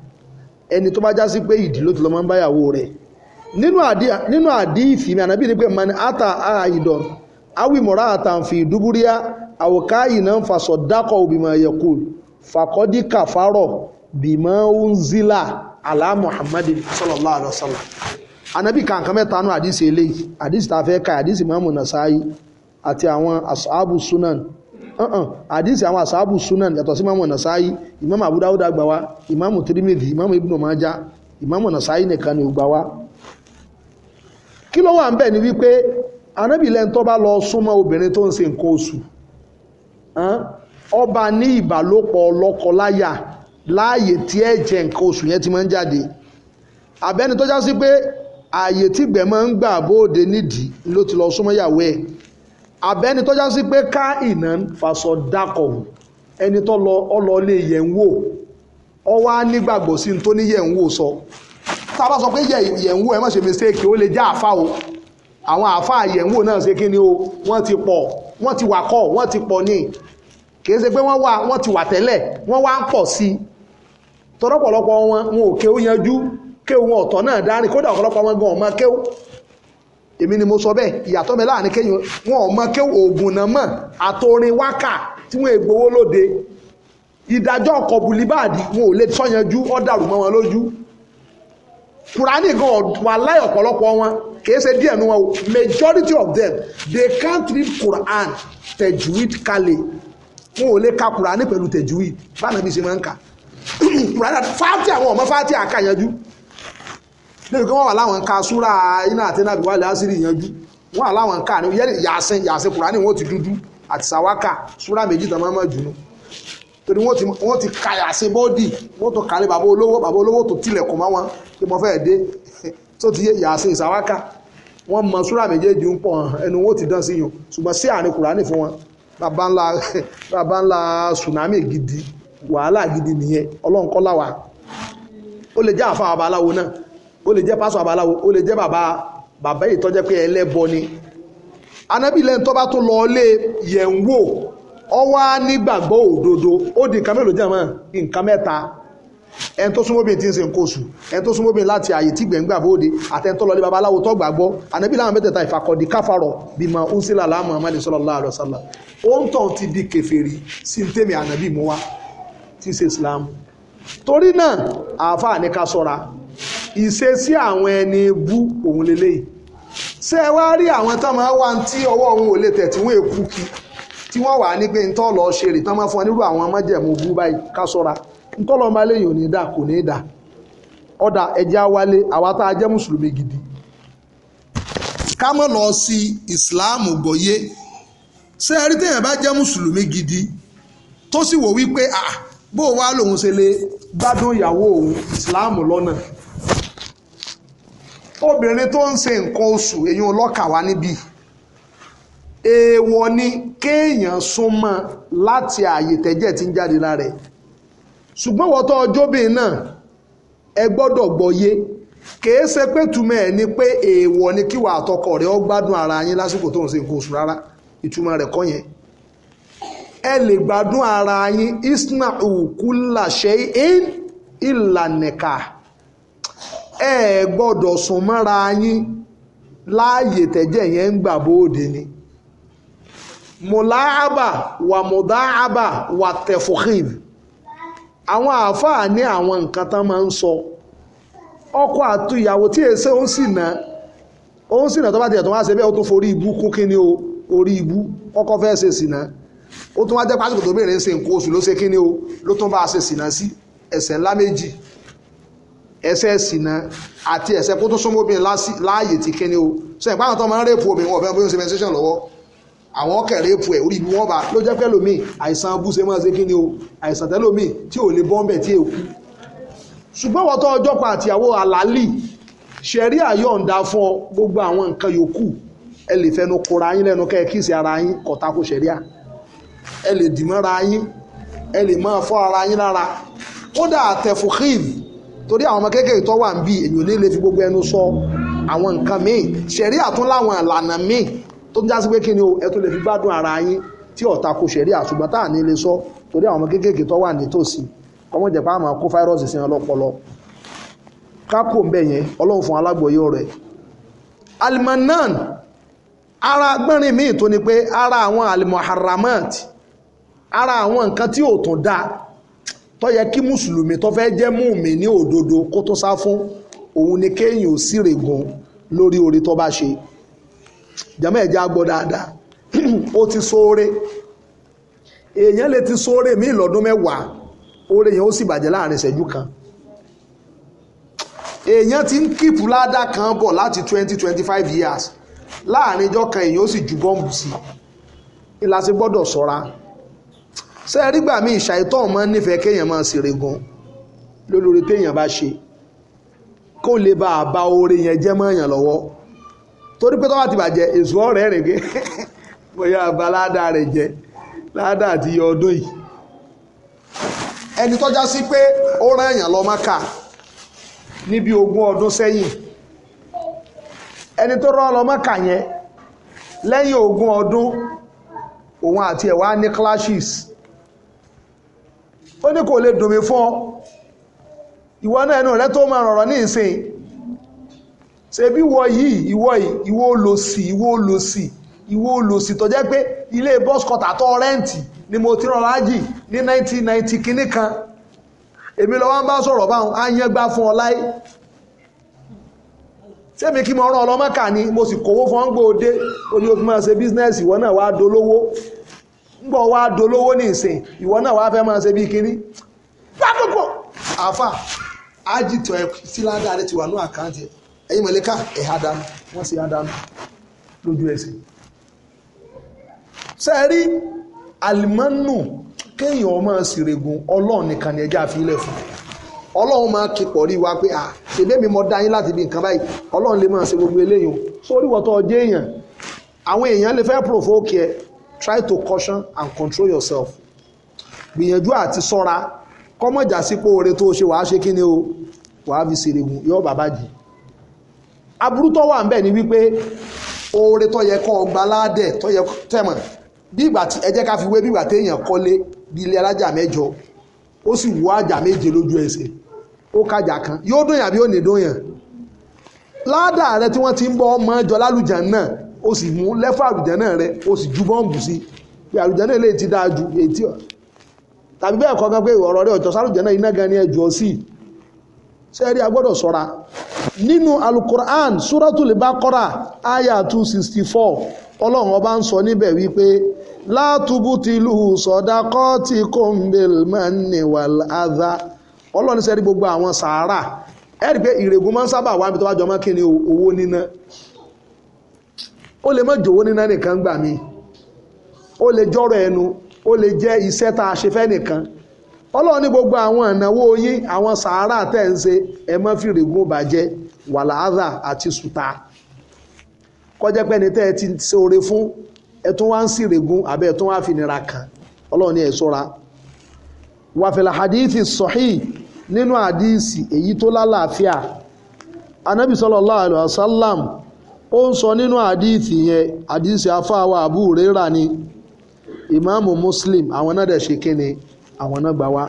ẹni tó bá já sí pé ìdí ló ti lọ máa ń báyàwó rẹ̀ nínú àdí ìfìmí ànábì ni pé mani ata àìdọ̀ awimọ̀ra àtàǹfì ìdúbúríà àwòká ìná ń fasọ̀ dákọ̀ òbímọ̀ ẹ̀yẹ̀kù fàkọ́dí kàfárọ̀ bímọ̀ ounzila alá muhammadin sallallahu alaihi wasallam ànábì kankan mẹ́ta nú àdísì eléyìí àdísì tá a fẹ́ ka àdísì mọ́mù nàṣáyí àti àwọn asahabu sunan Uh-uh. àdísì àwọn àsáàbù sunan yàtọ̀ sí imáàmù nàṣáyí imáàmù àbúdáwúdà gbà wá tirimidi imáàmù ibnu maja imáàmù nàṣáyí nìkan ni ó gbà kí ló wà ń bẹ̀ ni wípé anábì lẹ́ni bá lọ súnmọ́ obìnrin tó ń ṣe nǹkan oṣù ọba ní ìbálòpọ̀ láàyè tí ti máa ń jáde ti lọ súnmọ́ yàwó àbẹ́ni tó já sí pé ká ìná fàṣọ dákọ̀wù ẹni tó lọ ọlọ ilé yẹn wò ọ wá nígbàgbọ́ sí tó ní yẹn wò sọ tá a bá sọ pé yẹn wò ẹ má ṣe mistake ó lè já àfa o àwọn àfa yẹn wò náà ṣe kí ni o wọ́n ti pọ̀ wọ́n ti wà kọ́ wọ́n ti pọ̀ ní kìí ṣe pé wọ́n wà wọ́n ti wà tẹ́lẹ̀ wọ́n wá ń pọ̀ sí i tọ́lọ́pọ̀lọpọ̀ wọn wọn ò kéwú yanjú kéwú wọn ọ̀tọ̀ náà dání kódà ọ̀pọ̀lọpọ̀ wọn gan ọ̀mọ èmi ni mo sọ bẹ́ẹ̀ ìyàtọ̀ mi láàrin kéyìn wọn ò mọ kí oògùn náà mọ̀ àtòrin wákà tí wọ́n ègbowó lóde ìdájọ́ ọkọ̀ bùlíbàdì wọn ò lè sọ́yanjú ọ̀dàrú mọ́ wọn lójú kùránì gan wà láì ọ̀pọ̀lọpọ̀ wọn kì í ṣe díẹ̀ nu wọn o majority of them they can't read Quran tajwid kale wọn ò lè ka kùránì pẹ̀lú tajwid báwọn ẹbí ṣe máa ń kà kùránì fáti àwọn ọmọ fáti àkàyanjú lẹ́yìn pé wọ́n wà láwọn ka súra iná àti iná àbíwálé àṣírí ìyanjú wọ́n wà láwọn ka yàsìn yàsìn kùránì wọ́n ti dúdú àti sàwákà súra méjì tán máa máa jù ú torí wọ́n ti ka yàsìn bọ́ọ̀dì wọ́n tó kàlẹ́ bàbá olówó bàbá olówó tó tilẹ̀kùn mọ́ wọn pé mo fẹ́ dé tó ti yé yàsìn sàwákà wọ́n mọ súra méjèèjì ń pọ̀ ẹnu wọ́n ti dán sí yàn ṣùgbọ́n sí àárín kùránì fún wọn bàbá ńlá bàbá ńlá tsunami gidi ó lè jẹ́ pásọ babaláwo ó lè jẹ́ bàbá bàbá yìí tó jẹ́ pé ẹlẹ́bọ ni anábì lẹ́yìn tó bá tún lọ lé yẹ̀ ń wò ọ wá nígbàgbọ́ òdodo ó di nǹkan mélòó jẹ́mọ́ nǹkan mẹ́ta ẹni tó súnmọ́ bí ti ń sin nǹkan oṣù ẹni tó súnmọ́ bí láti àyè tí gbẹ̀ngbà bóde àtẹni tó lọlé babaláwo tó gbàgbọ́ ànábì láwọn mẹ́tẹ̀ẹ̀ta ìfàkọ̀dí káfàrọ̀ bí ma ń láàmú àmàlè sallallahu alaihi wasallam ó ń tàn ti di kèfèrí sí tèmi ànábì mú wa tí ń ṣe Islam torí náà àáfàá ní ká sọ́ra ìṣesí àwọn ẹni bú òun lélẹ́yìí ṣé ẹ wá rí àwọn tó máa wá tí ọwọ́ òun ò lè tẹ̀ tí wọ́n èkú kí tí wọ́n wà ní pé ntọ́ lọ ṣe tán máa fún ọ àwọn májẹ̀mú bú báyìí ká ntọ́ lọ máa léyìn dà kò ní dà ọ̀dà ẹ̀jẹ̀ awalé gidi ká mọ̀ lọ sí ìsìláàmù ẹ rí téèyàn gidi tó sì wò wípé bó wá lòun ṣe lè gbádùn ìyàwó obìnrin tó ń se nǹkan oṣù èyí ò lọ́kà wá níbí èèwọ̀ ni kéèyàn súnmọ́ láti ààyè tẹ́jẹ̀ tí ń jáde lára ẹ̀ ṣùgbọ́n wọ́tọ́ ọjọ́bìn náà ẹ gbọ́dọ̀ gbọ́yé kìí ṣe pé túmọ̀ ẹ̀ ni pé èèwọ̀ ni kíwà àtọkọ rẹ̀ ó gbádùn ara yín lásìkò tó ń ṣe nǹkan oṣù rárá ìtumọ̀ rẹ̀ kọ́ yẹn ẹ lè gbádùn ara yín isna ukula shay'in illa ẹ gbọ́dọ̀ sùn mọ́ra yín láàyè tẹ́jẹ́ yẹn ń gbà bóde ni mùláàbà wà mùdáàbà wà tẹ̀fùkìn àwọn àáfàá ní àwọn nǹkan tán máa ń sọ ọkọ ìyàwó tí èsè ń ó ń tó bá tiẹ̀ tó wá ṣe bẹ́ẹ̀ ó tún forí ibú kí ni o orí ibú fẹ́ ṣe ó tún wá jẹ́ pásítọ̀ tó bẹ̀rẹ̀ ń ṣe o ló tún bá ṣe ẹsẹ̀ ìsìnà àti ẹsẹ̀ kó tó súnmọ́ obìnrin láàyè ti kíni o sẹ́yìn pàtàkì tó máa ń rèpù obìnrin ọ̀bẹ ọ̀bẹ ṣẹ́fẹ̀ṣẹ̀n lọ́wọ́ àwọn ọkẹ̀ rèpù ẹ̀ orí ibi wọn bá ló jẹ́ pẹ́lòmíì àìsàn abú ṣe máa ṣe kíni o àìsàn tẹ́lòmíì tí ò lè bọ́ńbẹ̀ tí èkú ṣùgbọ́n wọ́n tọ́ ọjọ́ pa àtìyàwó àlálì ṣẹ̀rí àyọ̀ǹda fún gbogbo àwọn nǹkan yòókù ẹ lè fẹnu kora yín lẹ́nu kẹ́ ẹ kíìsì ara yín kọ̀tàkù ṣẹ̀ríà ẹ lè dìmọ́ra yín ẹ lè máa fọ́ ara yín lára kódà àtẹ̀fù hìrì torí àwọn ọmọ kéékèèké tó wà ń bí èyí ò ní lè fi gbogbo ẹnu sọ àwọn nǹkan míì ṣẹ̀rí àtún láwọn ìlànà míì tó ń já sí pé kí ni o ẹ tó lè fi gbádùn ara yín tí ọ̀tá kò ṣẹ̀rí àṣùgbọ́n tá à ní lè sọ torí àwọn ọmọ kéékèèké tó wà nítòsí kọ́mọ jẹ́ pé kó fáírọ́ọ̀sì sí ọlọ́pọlọ kápò ń yẹn ọlọ́run fún alágbòye ọ̀rẹ́ almanan ara gbọ́nrin míì tó ni pé ara àwọn almuharramat ara àwọn nǹkan tí ò tún dáa tó yẹ kí mùsùlùmí tó fẹ́ jẹ́ mùmí ní òdodo kó tó sá fún òun ni kéèyàn ò sì règùn lórí orí tó bá ṣe jàmọ́ ẹ̀jẹ̀ agbọ́ dáadáa ó ti sóore èèyàn lè ti sóore míì lọ́dún mẹ́wàá oore yẹn ó sì bàjẹ́ láàrin ìṣẹ́jú kan èèyàn ti ń kíìpù ládàá kan bọ̀ láti twenty twenty five years láàrin ìjọ kan èèyàn ó sì ju bọ́ǹbù sí i ìlàsí gbọ́dọ̀ ṣọ́ra. So sẹ́ẹ̀rígbà míì ṣàìtọ́ máa nífẹ̀ẹ́ kéèyàn máa ṣeré gan lólórí téèyàn bá ṣe kó lè bá a bá oore yẹn jẹ́ mọ́yàn lọ́wọ́ torí pé tọ́wọ́ ti bàjẹ́ èso ọ̀rẹ́ rẹ̀ gé bóyá àbá ládàá rẹ̀ jẹ́ ládàá àti iye ọdún yìí ẹni tọ́já sí pé ó rán èèyàn lọ Mákà níbi ogún ọdún sẹ́yìn ẹni tó rán lọ Mákà yẹn lẹ́yìn ogún ọdún òun àti ẹ̀ wá ní clashes ó ní kò lè dòmí fún ọ ìwọ náà ẹnu rẹ tó máa rọ̀rọ̀ ní ìsìn ṣe bí wọ yìí ìwọ yìí ìwọ olòṣì ìwọ olòṣì ìwọ olòṣì tó jẹ́ pé ilé bọ́skọ̀tà tó rẹ́ǹtì ni mo ti rọra jì ní 1990 kínní kan èmi lọ́wọ́ ń bá sọ̀rọ̀ báwọn á yẹn gbá fún ọ láyé sẹ́mi kí mo rán ọlọ́mọ́kà ni mo sì kówó fún ọ́n gbòde ó ní o fi máa ṣe bísínẹ́sì ìwọ náà wàá dolówó gbọ́ wá dolówó ní ìsìn ìwọ náà wá fẹ́ máa ṣe bí kiri lákòókò àfà ájìtọ̀ síládà rẹ ti wà ní àkáǹtì ẹ̀yìn mọ̀lẹ́ká ẹ̀há dánú wọ́n sì há lójú ẹsẹ̀ sẹ́ẹ̀rí alimánù kéèyàn ọmọ sìrègùn ọlọ́run nìkan ni fún ọlọ́run máa kí wa pé à mi dáyín láti bí nǹkan báyìí ṣe gbogbo eléyìí sórí wọ́tọ̀ ọjọ́ èèyàn àwọn èèyàn lè fẹ́ try to caution and control yourself gbìyànjú àti sọ́ra kọ́mọ̀jà sípò oore tó ṣe wàá ṣe kí ni o wàá fi ṣèrègùn yọ bàbá jì aburú tó wà ńbẹ̀ ni wípé oore tó yẹ kọ́ ọgbà ládẹ̀ tó yẹ tẹ̀mọ̀ bí ìgbà tí ẹ jẹ́ ká fi wé bí ìgbà téèyàn kọ́lé bí ilé alájà mẹ́jọ ó sì wú àjà méje lójú ẹsẹ̀ ó kájà kan yóò dùn yàn bí ó ní dùn yàn ládàá rẹ tí wọ́n ti ń bọ́ ọmọ ẹjọ́ lálùjá náà o sì mú lẹ́fà àlùjànnà rẹ o sì ju bọ́ǹbù sí pé àlùjànnà lè ti dáa ju ètí ọ̀ tàbí bẹ́ẹ̀ kọ́ gan pé ọ̀rọ̀ rẹ ọ̀jọ̀ sálùjànnà iná gan ni ẹ jù ọ sí sẹ́ẹ̀rí agbọ́dọ̀ sọ́ra nínú alukur'an suratul baqara aya two sixty four ọlọ́run ọba ń sọ níbẹ̀ wípé látúbùtìlù sọ̀dákọ́tì kòǹbẹ̀lmánì wàláàdá ọlọ́run sẹ́ẹ̀rí gbogbo àwọn sàárà ẹ̀rí pé ìrègùn máa ń sábà wá níbi tó bá jọ mọ́ kí ni owó níná ó lè má jòwó níná nìkan gbà mí ó lè jọ́rọ̀ ẹnu ó lè jẹ́ iṣẹ́ tá a ṣe fẹ́ nìkan ọlọ́run ní gbogbo àwọn ìnáwó yín àwọn sàárà tẹ̀ ń ṣe ẹ má fi règùn bàjẹ́ wàláhàdà àti sùtà kọjá pẹ́ni tẹ́ ẹ ti ṣe oore fún ẹ tún wá ń sì règùn àbẹ́ ẹ tún wá fi nira kan ọlọ́run ẹ ṣọ́ra wàfẹ̀lá hadithi sọ̀hí nínú hadisi èyí tó lálàáfíà anábì sallallahu ó ń sọ nínú àdíìtì yẹn àdíìsì afáwa àbú rírà ni ìmáàmù muslim àwọn náà dẹ̀ ṣe kíni àwọn náà gbà wá.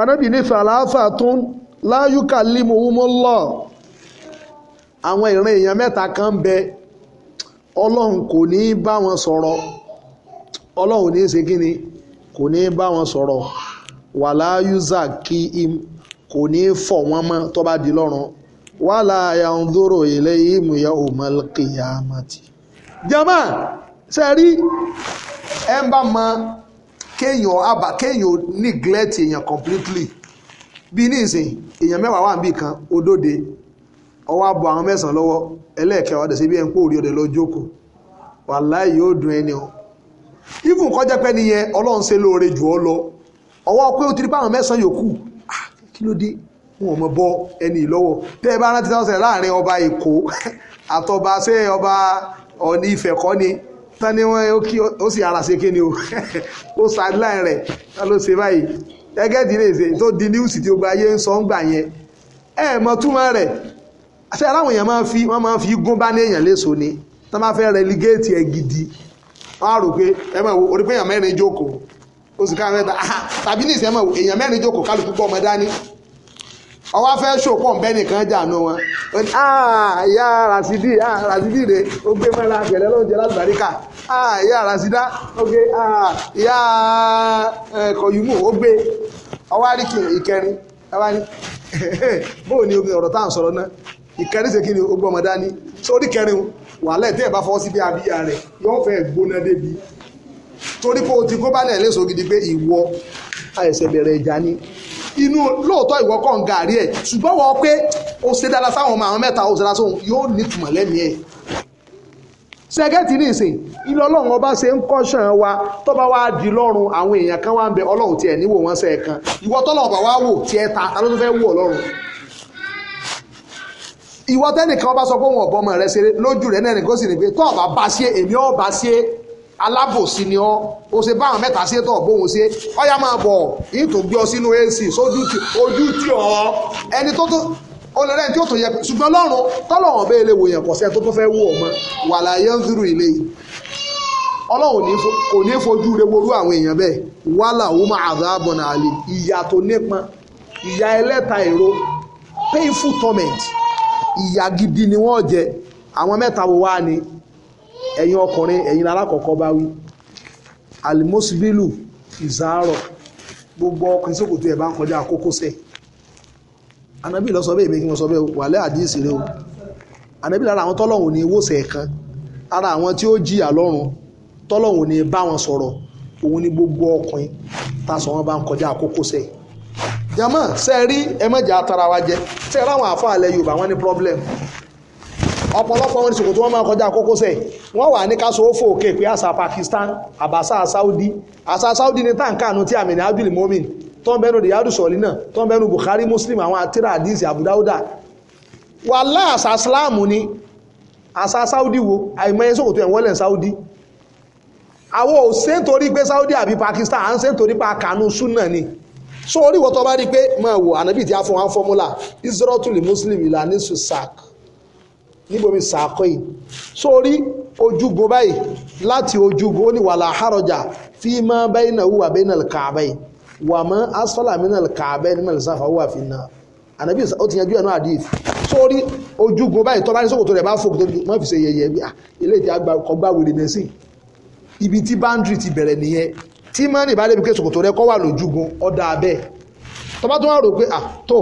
anábì ní fàlàáfà umu ń láyùkà límù wúmọ́lọ́ àwọn ìran èèyàn mẹ́ta kan bẹ ọlọ́run kò ní í bá wọn sọ̀rọ̀ ọlọ́run ní í ṣe kíni kò ní í bá wọn sọ̀rọ̀ wàláyùzà kí im kò ní í fọ̀ wọ́n mọ́ tó bá di lọ́rùn wala yanzuru ilayhim yawmal qiyamati jama sẹ́rí ẹ ma bá mọ kéèyàn neglect completely bí sin èèyàn mẹ́wàá wà níbì kan odode ọwọ́ abọ̀ àwọn mẹ́sàn-án lọ́wọ́ ẹlẹ́ẹ̀kẹ́ sí bí o even wọn ò mọ bọ ẹni ìlọ́wọ́ tẹ́ ẹ bá rántí táwọn ṣẹlẹ̀ láàrin ọba èkó àtọba ṣé ọba ọ̀ní ifẹ̀ ni tán ni wọ́n ó sì ara ṣe kí ni o ó sideline rẹ̀ tá ló ṣe báyìí ẹgẹ́ ti lè ṣe tó di níwùsì tí gbogbo ayé ń sọ ń gbà yẹn ẹ mọ túmọ̀ rẹ̀ ṣé aláwọ̀ èèyàn máa fi wọ́n máa fi gún bá ní èèyàn léṣo ni tán bá fẹ́ relegate ẹ gidi wọ́n á rò pé ẹ mọ̀ orí pé èèyàn mẹ́rin jókòó oṣù káwọn mẹ́ta ah, tàbí ní ìsẹ́mọ̀ èèyàn mẹ́rin jókòó kálukú gbọ́ ọmọ dání ọwọ́ fẹ́ ṣòpọ̀ nbẹ́ nìkan jànú wọn ah, ìyá rasidi ah, rasidi rè ó gbé mẹ́ra gẹ̀lẹ́ ló ń jẹ lálùbáríkà ah, ìyá rasida oge ìyá kọ̀yùmù ó gbé eh, ọwọ́ àríkì ìkẹrin ẹ̀wá ni bóò ni ọ̀rọ̀ tá à ń sọ̀rọ̀ náà ìkẹrin ṣe kí ni ó gbọ́mọ dání sórí kẹrin wàhálẹ̀ tí ẹ̀ bá fọwọ́ sí bí abíyá rẹ̀ yóò fẹ́ gbóná débi torí pé o ti kó bá náà léṣo gidi pé ìwọ àìsè bẹ̀rẹ̀ ìjà ni inú lóòótọ́ ìwọ kàn gàrí ẹ̀ ṣùgbọ́n wọ́n pé o ṣe dáadáa sáwọn ọmọ àwọn mẹ́ta o ṣe dáadáa sóhun yóò nítumọ̀ lẹ́mìí ẹ̀ sẹ́gẹ́tì ní ìsìn ilé ọlọ́run ọba ṣe ń kọ́ṣàn wa tó bá wá di lọ́rùn àwọn èèyàn kan wá ń bẹ ọlọ́run tiẹ̀ níwò wọ́n sẹ́ẹ̀ kan ìwọ tọ́lọ̀ ọba wá wò tiẹ̀ ta ta ló tún fẹ́ wò ọlọ́run ìwọ tẹ́nìkan ọba sọ pé òun ọ̀bọ ọmọ rẹ ṣeré lójú rẹ náà nìkan sì ní pé tọ́ ọba bá ṣe alábòsí ni ọ o ṣe báwọn mẹ́ta ṣe tọ̀ bóun ṣe ọyá máa bọ̀ yìí tó gbé ọ sínú ac sójú tí ọ ẹni tó tó olùrẹ́ tí ó tún yẹ ṣùgbọ́n lọ́rùn tọ́lọ́wọ̀n bẹ́ẹ̀ lè wòyàn kọ̀ sẹ́ tó tó fẹ́ wú ọmọ wà láyé ń dúró ilé yìí ọlọ́run kò ní fojú re worú àwọn èèyàn bẹ́ẹ̀ wà láwù máa àdáàbọ̀ náà lè ìyà tó nípọn ìyà ẹlẹ́ta èrò painful torment ìyà gidi ni wọ́n jẹ àwọn mẹ́ta wo wá ni ẹ̀yin ọkùnrin ẹ̀yin alákọ̀ọ́kọ́ bá wí alimosibilu ìzáàrọ̀ gbogbo ọkùnrin sókòtò ẹ̀ bá ń kọjá kókósẹ̀ anabi lọ sọ bẹ́ẹ̀ èmi kí wọ́n sọ bẹ́ẹ̀ wà lẹ́ àdíyèsí rẹ o anabi lára àwọn tọ́lọ́hùn ní wòsàn ẹ̀kan ara àwọn tí ó jìyà lọ́rùn tọ́lọ́hùn ní bá wọn sọrọ òun ni gbogbo ọkùnrin tásán wọn bá ń kọjá kókósẹ̀ jama sẹ́ẹ̀rí ẹ̀mẹ́jà atara wa jẹ sẹ́ẹ̀rí àwọn àfa alẹ́ Yorùbá wọn ní problem ọ̀pọ̀lọpọ̀ wọn ní ṣòkòtò wọn máa kọjá kókósẹ̀ wọ́n wà ní káṣọ ó òkè pé àṣà Pakistan àbáṣà Saudi àṣà Saudi ní tàǹkàánú tí àmì ní abdul momin tó ń bẹnu riyadu sọ̀lì náà tó ń Bukhari Muslim àwọn àtìrà àdìsí àbúdáwúdà wàhálà àṣà Islam ni àṣà Saudi wo àìmọye ṣòkòtò ẹ̀ wọ́lẹ̀ Saudi àwọn ò ṣe nítorí pé Saudi àbí Pakistan à ń ṣe nítorí pa kanu súnà ni so orí ìwọ́tọ̀ bá rí pé máa wò ànábì tí a fún wa fọ́múlà israel muslim ìlànà susak níbomi sàkóyìn sórí ojúgun báyìí láti ojúgun ó ní wàlà àhárọjà fi máa bẹ́ẹ̀ náà wúwà bẹ́ẹ̀ náà kàbẹ́ẹ̀ wà mọ́ asọ́làmì náà kàbẹ́ẹ̀ ní mẹ́rin sáfà wúwà fi náà ànàbí ó ti yanjú ẹ̀nà àdìs sórí ojúgun báyìí tọ́ bá ní sókòtò rẹ̀ bá fòkòtò mọ́ fi ṣe yẹyẹ bí ilé ìtì àgbà wèrè mẹ́sìn ibi tí báńdìrì ti bẹ̀rẹ̀ nìyẹn tí mọ́nì bá débi pé sòkòtò rẹ kọ́ wà lójúgun ọ̀dà abẹ́ tọ́ba tó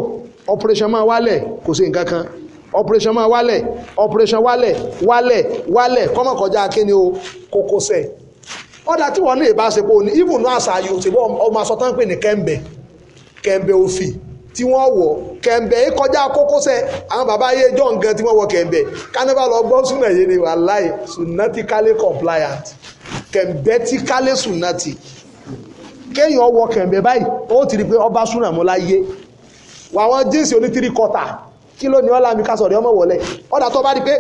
operation máa wálẹ̀ operation máa wálẹ̀ operation wálẹ̀ wálẹ̀ wálẹ̀ kọ́mọ̀ kọjá kíni o ọ̀dà tí wọ́n ní even náà ṣàyò pè ní òfì tí wọ́n wọ̀ yìí kọjá àwọn bàbá yé john tí wọ́n lọ gbọ́ súnà ni wàláì sunnatically compliant kẹ̀m̀bẹ̀tically sunnati kéèyàn wọ̀ báyìí ó ti pé ọba súnà mọ́ láyé jíǹsì kọ́tà kí ló ní ọ́ láàmì ká sọ̀rọ̀ ọmọ wọlé ọ̀dà tó bá rí pé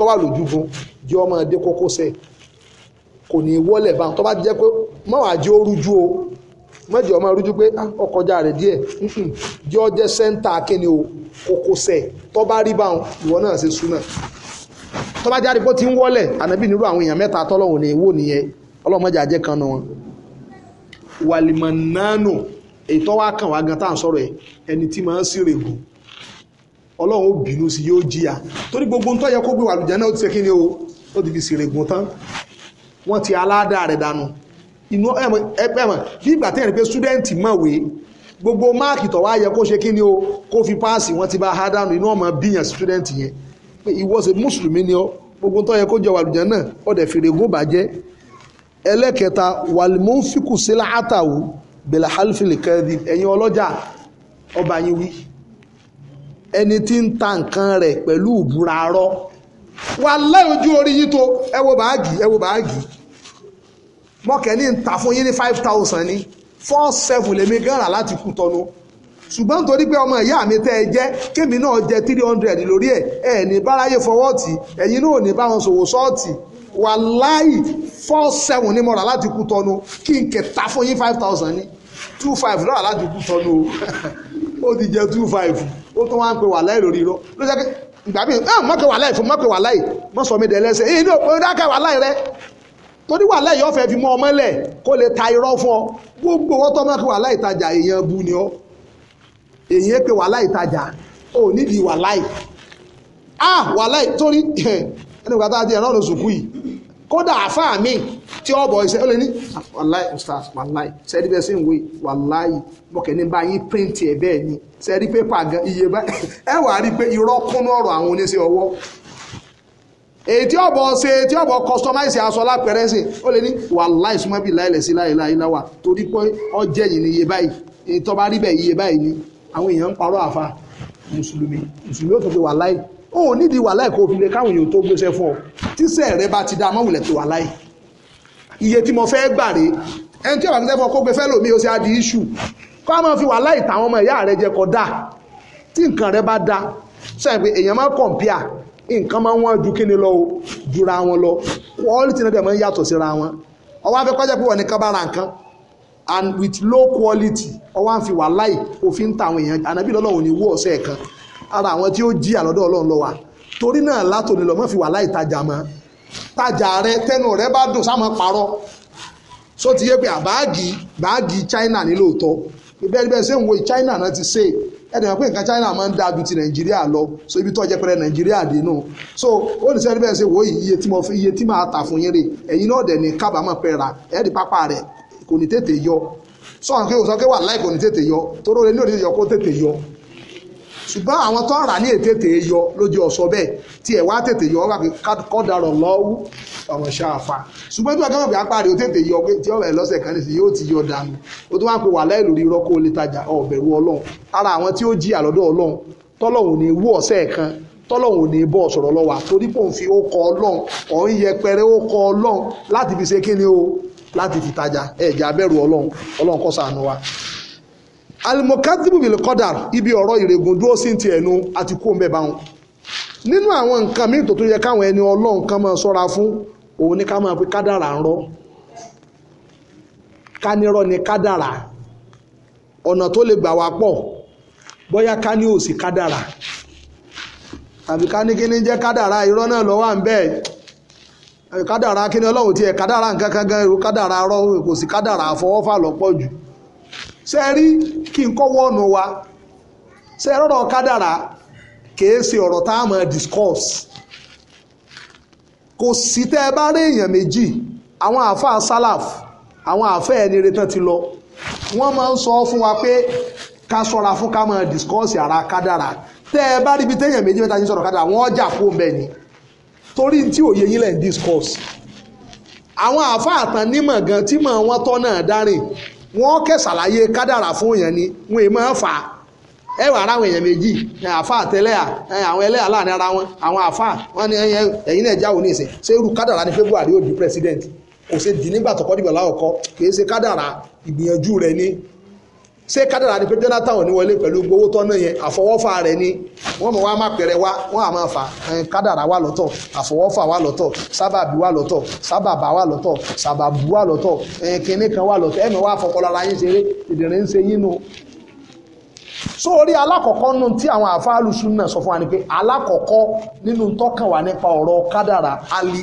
kọ́ wà lójú fún jẹ́ ọmọ ẹdẹ kókó sẹ̀ kò ní wọlé bá tó bá jẹ́ pé jẹ́ orújú o mọ́jì ọmọ rújú pé ọkọjá ah, rẹ̀ díẹ̀ jẹ́ ọ jẹ́ sẹ́ńtà kíni o kókó sẹ̀ tó bá rí bá ìwọ náà ṣe súnà tó bá jáde pé ó ti ń wọlé ànábì nírú àwọn èèyàn èyí tó wá kàn wá gan ọlọ́run ó bínú sí yóò jìyà torí gbogbo ń tó yẹ kó gbé wà lùjẹ́ náà ó ti ṣe kí ni o ó ti fi ṣèrègùn tán wọ́n ti aládà rẹ̀ dànù inú ẹgbẹ́ mọ̀ bí ìgbà tẹ́yìn pé súdẹ́ǹtì mọ̀wé gbogbo máàkì tó wá yẹ kó ṣe kí ni o kó fi páàsì wọ́n ti bá a dànù inú ọmọ bíyàn súdẹ́ǹtì yẹn pé ìwọ ṣe mùsùlùmí ni ọ gbogbo tó yẹ kó jẹ wà lùjẹ́ náà ó dẹ̀ fèrègùn bàjẹ́ ẹlẹ́kẹta wàlímọ́fíkù sílá àtàwù bẹ̀lẹ̀ hálfìlì kẹ́ẹ̀dì ẹ̀yin ọlọ́jà ọba yín wí ẹni tí ń ta nǹkan rẹ̀ pẹ̀lú ìbúra rọ́ wà lẹ́yìn orí yìí tó ẹ wo báàgì ẹ wo báàgì mọ́kẹ́ni ń ta fún yín ní five thousand ní four seven lèmi gan rà láti kú tọ́nu ṣùgbọ́n nítorí pé ọmọ ìyá mi tẹ́ ẹ jẹ́ kémi náà jẹ́ three hundred lórí ẹ̀ ẹ̀ ní báráyé fọwọ́ tì ẹ̀yin náà ní báwọn ṣòwò ṣọ́ọ̀tì wà láì four seven ní mo rà láti kú tọ́nu kí n kẹta fún yín five thousand ní two five lọ́wọ́ aládùúgbò tọ́nu o ó ti jẹ two five ó tún wá ń pe wàhálà lórí irọ́ ló jẹ́ pé ìgbà míì náà mọ́kẹ́ wàhálà yìí fún mọ́kẹ́ wàhálà yìí mọ́ sọ mi dẹ̀lẹ́sẹ̀ èyí ló ń dákẹ́ wàhálà yìí rẹ torí wàhálà yìí ọ̀fẹ́ fi mọ́ ọmọ lẹ̀ kó lè ta irọ́ fún ọ gbogbo wọ́n tọ́ mọ́kẹ́ wàhálà ìtajà èèyàn bu ni ọ èèyàn pe wàhálà ìtajà ò nídìí wàhálà yìí ah wàhálà yìí torí ẹnìkan tá a ti ẹ̀rọ ọ̀nà sùkú yìí kódà àfáà míì tí ó bọ̀ iṣẹ́ ó lè ní wàláì ustaz wàláì sẹ́ẹ̀dí bẹ́ẹ̀ sí ìwé wàláì mọ̀kẹ́ ní bá yín píǹtì ẹ̀ bẹ́ẹ̀ ni sẹ́ẹ̀dí pépà gan iye bá ẹ wàá rí i pé irọ́ kúnú ọ̀rọ̀ àwọn oníṣẹ́ ọwọ́ èyí tí ó bọ̀ ṣe tí ó bọ̀ customize aṣọ lápẹ̀rẹ́ sí ó lè ní wàláì súnmọ́ bí láìlẹ̀ sí láìláìláwà torí pé ó jẹ́ yìí ní iye báyìí èyí tó bá rí bẹ́ẹ̀ iye báyìí ni àwọn èèyàn ń parọ́ àfa mùsùlùmí mùsùlùmí ó tún fi wàláì ó nídìí wàláì kó o fi lè káwọn èèyàn tó gbéṣẹ́ fún ọ tíṣẹ́ rẹ bá ti dá mọ́wùlẹ̀ tó wàláì iye tí mo fẹ́ gbà rè ẹni tí ọ̀rọ̀ sẹ́fọ̀ kó gbé fẹ́ lòmí o ṣe adi iṣu kó a máa fi wàhálà ìtàwọn ọmọ ìyá rẹ jẹ kọ dáa tí nǹkan rẹ bá dáa sẹ́yìn pé èèyàn máa kọ̀m̀pìà nǹkan máa wọ́n ju kíni lọ o jura wọn lọ quality náà dẹ̀ máa ń yàtọ̀ síra wọn ọwọ́ afẹ́ kọjá pé wọ́n ní kábàárà nǹkan and with low quality ọwọ́ à ń fi wàhálà yìí òfin tàwọn èèyàn ànábì lọ́lọ́run ní wú ọ̀sẹ̀ kan ara àwọn tí ó jí àlọ́dọ̀ wa torí náà tajà rẹ tẹnu rẹ bá dùn sáà máa parọ́ so ti yé pé àbáàgì báàgì China ní lóòótọ́ ìbẹ́ẹ̀ bẹ́ẹ̀ sẹ́yìn wo China náà ti ṣe ẹ̀dẹ̀ mọ̀ pé nǹkan China máa ń dáa ju ti Nàìjíríà lọ so ibi tó jẹ́ pẹ̀rẹ̀ Nàìjíríà dé nù so ó ní sẹ́yìn bẹ́ẹ̀ sẹ́yìn wo iye tí mo fi iye tí màá tà fún yín rè ẹ̀yin náà dẹ̀ ní kábàámọ̀ pẹ́ ra ẹ̀ẹ́dì pápá rẹ̀ kò ní tètè yọ sọ̀rọ̀ kí o sọ pé wà láì kò ní tètè yọ toró lé ní òní yọ kó tètè yọ ṣùgbọ́n àwọn tó rà ní ètètè yọ lójú ọ̀sọ́ bẹ́ẹ̀ tí ẹ̀ wá tètè yọ wá kọ́darọ̀ lọ́wọ́ ọmọ ṣáàfà ṣùgbọ́n tí wọ́n kẹ́wọ́n bí apárí ó tètè yọ tí ọ̀rẹ́ lọ́sẹ̀ kan nìsí yóò ti yọ dànù ó tó wá pé wà láìlú rí rọ́kó lè tajà ọ̀bẹ̀rù ọlọ́run ara àwọn tí ó jí àlọ́dọ̀ ọlọ́run tọ́lọ́hùn kan tọ́lọ́hùn ò ní bọ́ sọ̀rọ̀ lọ́wọ́ torí pò ń fi ó kọ ọlọ́run ọ̀hún yẹpẹrẹ ó kọ ọlọ́run láti fi ṣe kíni o láti fi tajà ẹ̀jẹ̀ abẹ́rù ọlọ́run ọlọ́run kó ṣàánú wa alimokadibu bil qadar ibi ọ̀rọ̀ ìrègùn dúró sí ti ẹnu àti kó mbẹ́ báwọn nínú àwọn nǹkan míì tó tó yẹ káwọn ẹni ọlọ́run kan máa sọ́ra fún òun ní ká máa pe kádàrà ń rọ́ ká nírọ́ ni kádàrà ọ̀nà tó lè gbà wá pọ̀ bóyá ká ní òsì kádàrà tàbí ká ní kí ní jẹ́ kádàrà irọ́ náà lọ́wọ́ à ń bẹ́ẹ̀ kádàrà kí ni ọlọ́run tiẹ̀ kádàrà nǹkan kan gan irú kádàrà rọ́ kò sí kádàrà àfọwọ́fà lọ́pọ̀ jù ṣe rí kí n kọ́ wọ́ọ̀nù wa ṣe rọ̀rọ̀ kádàrá kìí ṣe ọ̀rọ̀ tá a máa discuss kò sí tẹ́ ẹ bá rí èèyàn méjì àwọn àáfàá sálàf àwọn àáfẹ́ ẹni retán ti lọ wọ́n máa ń sọ fún wa pé ká sọ̀ra fún ká máa discuss ara kádàrá tẹ́ ẹ bá rí ibi téèyàn méjì mẹ́ta ti sọ̀rọ̀ kádàrá wọ́n jà fún bẹ́ẹ̀ ni torí tí òye yín lẹ̀ ń àwọn àáfàá àtàn nímọ̀ gan tí mọ̀ wọ́n tọ́ náà dárìn wọ́n kẹsàlàyé kádàrà fún èèyàn ni wọ́n èèmọ̀ fà á ẹ wà ara àwọn èèyàn méjì àfa àtẹlẹ́à àwọn ẹlẹ́à láàrin ara wọn àwọn àfa wọn ni ẹ̀yin náà jáwọ́ ní ìsìn ṣé irú kádàrà ni February ó di president kò ṣe di nígbà tọkọ dìgbà láwọkọ kì í ṣe kádàrà ìgbìyànjú rẹ ni ṣé kádàrà ni pé Jonathan ò ní wọlé pẹ̀lú gbowó tọ́nà yẹn àfọwọ́fà rẹ̀ ni wọ́n mọ̀ wá má pẹ̀rẹ̀ wá wọ́n á máa fà kádàrà wà lọ́tọ̀ àfọwọ́fà wà lọ́tọ̀ sábàbí wà lọ́tọ̀ sábàbà wà lọ́tọ̀ sábàbù wà lọ́tọ̀ kínní kan wà lọ́tọ̀ ẹ̀mí wà fọpọlọra yín ṣeré ìdìrín ń ṣe yín nu. so orí alákọ̀ọ́kọ́ nù tí àwọn àfáàlù súnà sọ fún ni pé alákọ̀ọ́kọ́ nínú tọ́kàn wà nípa ọ̀rọ̀ kádàrà àlì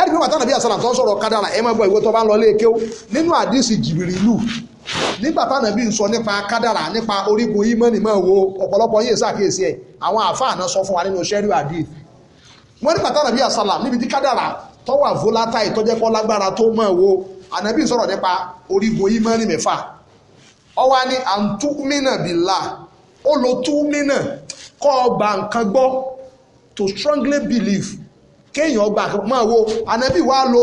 ẹ̀rí pé pàtàkì àṣà làtọ́ sọ̀rọ̀ kádàrà ẹ máa gbọ́ ìwé tó bá ń lọ lé kéw nínú àdìsí jìbìrì lù nígbà táwọn bí ń sọ nípa kádàrà nípa orígun ìmọ̀nì máa wo ọ̀pọ̀lọpọ̀ yìí ṣàkíyèsí ẹ̀ àwọn àfáà náà sọ fún wa nínú sẹ́rí àdìs wọ́n ní pàtàkì àbí àṣàlà níbi tí kádàrà tó wà volata ìtọ́jẹ́pọ̀ lágbára tó máa wo ànábì sọ̀rọ̀ nípa orígun ìmọ̀nì mẹ́fà ó wá ní àǹtúmínà bìlà ó lo túmínà kọ́ ọgbà nǹkan gbọ́ to strongly believe kéèyàn ọgbà máa wo ànábì wàá lo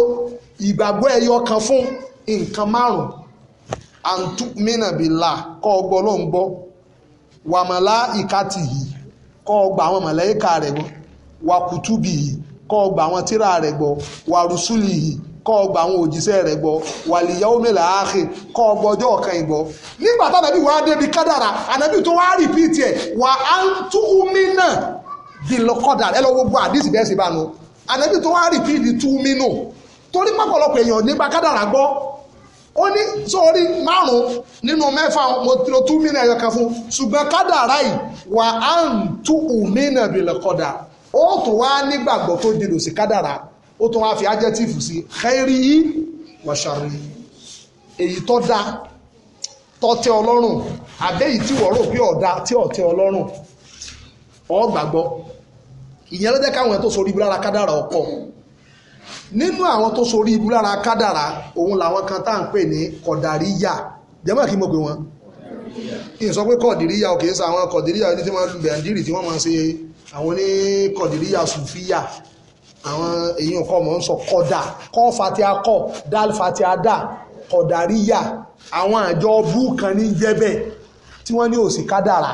ìgbàgbọ́ ẹyọ kan fún nǹkan márùn-ún àǹtú mínàbìlà kọ́ ọgbọ́ ló ń gbọ́ wàmọ̀lá ìkàtì yìí kọ́ ọgbà àwọn mọ̀lẹ́kà rẹ̀ gbọ́ wàkùtùbì yìí kọ́ ọgbà àwọn tíra rẹ̀ gbọ́ wàrùsùlì yìí kọ́ ọgbà àwọn òjíṣẹ́ rẹ̀ gbọ́ wàlìyàwó mélòó àáké kọ́ ọgbà ọjọ́ ọ̀kan ìgbọ́ nígbà tá ànábì wàá débi kádàrà ànábì tó wàá rìpíìtì ẹ̀ wà á ń tú ẹ lọ gbogbo àdìsí bẹ́ẹ̀ sí bá nu ànábì tó wá rìpíìdì tú mínú torí pọ̀pọ̀lọpọ̀ èèyàn nígbà kádàrà gbọ́ ó ní sórí márùn nínú mẹ́fà mo tiro tú mínú ẹ̀yọ kan fún ṣùgbọ́n kádàrà yìí wà á ń tú òmìnà bìlẹ̀ kọ̀dà ó tún wá nígbàgbọ́ tó dìrò sí kádàrà ó tún wá fi ájẹ́tìfù sí xẹ́rí yìí wàṣàrí èyí tó da tó tẹ́ ọlọ́run àbẹ́yìí tí wọ́n rò pé ọ̀dà tí ọ̀tẹ́ ọlọ́run ó gbàgbọ́ ìyẹn ló jẹ́ káwọn tó sorí ibu lára kádàrà ọkọ̀ nínú àwọn tó sorí ibu lára kádàrà òun làwọn kan tá à ń pè ní kọ̀dàríyà jẹ́mọ̀ kí mo pè wọ́n kí n sọ pé kọ̀dìríyà ò kì í sa àwọn kọ̀dìríyà ní tí wọ́n lu bẹ̀ǹdìrì tí wọ́n máa ṣe àwọn ní kọ̀dìríyà sùfíyà àwọn èyí nǹkan mọ̀ ń sọ kọ̀dà kọ́ fati akọ dal fati ada kọ̀dàríyà àwọn àjọ bú kan ní jẹ́bẹ̀ tí wọ́n ní òsì kádàrà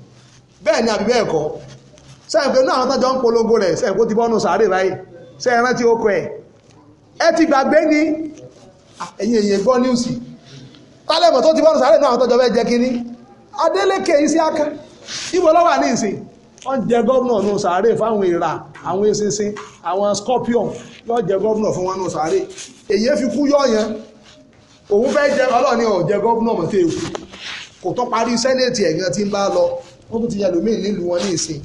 bẹ́ẹ̀ ni àbí bẹ́ẹ̀ kọ́ sẹ́yìn pé náà àwọn ń polongo rẹ̀ sẹ́yìn kó ti bọ́nu sàárè báyìí sẹ́yìn rántí ó kọ ẹ̀ ẹ ni èyí gbọ́ níwùsì tálẹ̀mọ̀ tó ti bọ́nu sàárè náà àwọn bẹ́ẹ̀ jẹ́ kínní Isiaka ibo lọ́wọ́ ní ìsìn wọ́n jẹ gọ́vnà nù sàárè fáwọn ìrà àwọn eṣinṣin àwọn scorpion yóò jẹ fún wọn nù èyí fi kú yẹn òun fẹ́ jẹ ọlọ́ọ̀ni jẹ kò tó parí sẹ́nẹ̀tì tí ń lọ ó tún ti yẹ lómi nílùú wọn ní ìsìn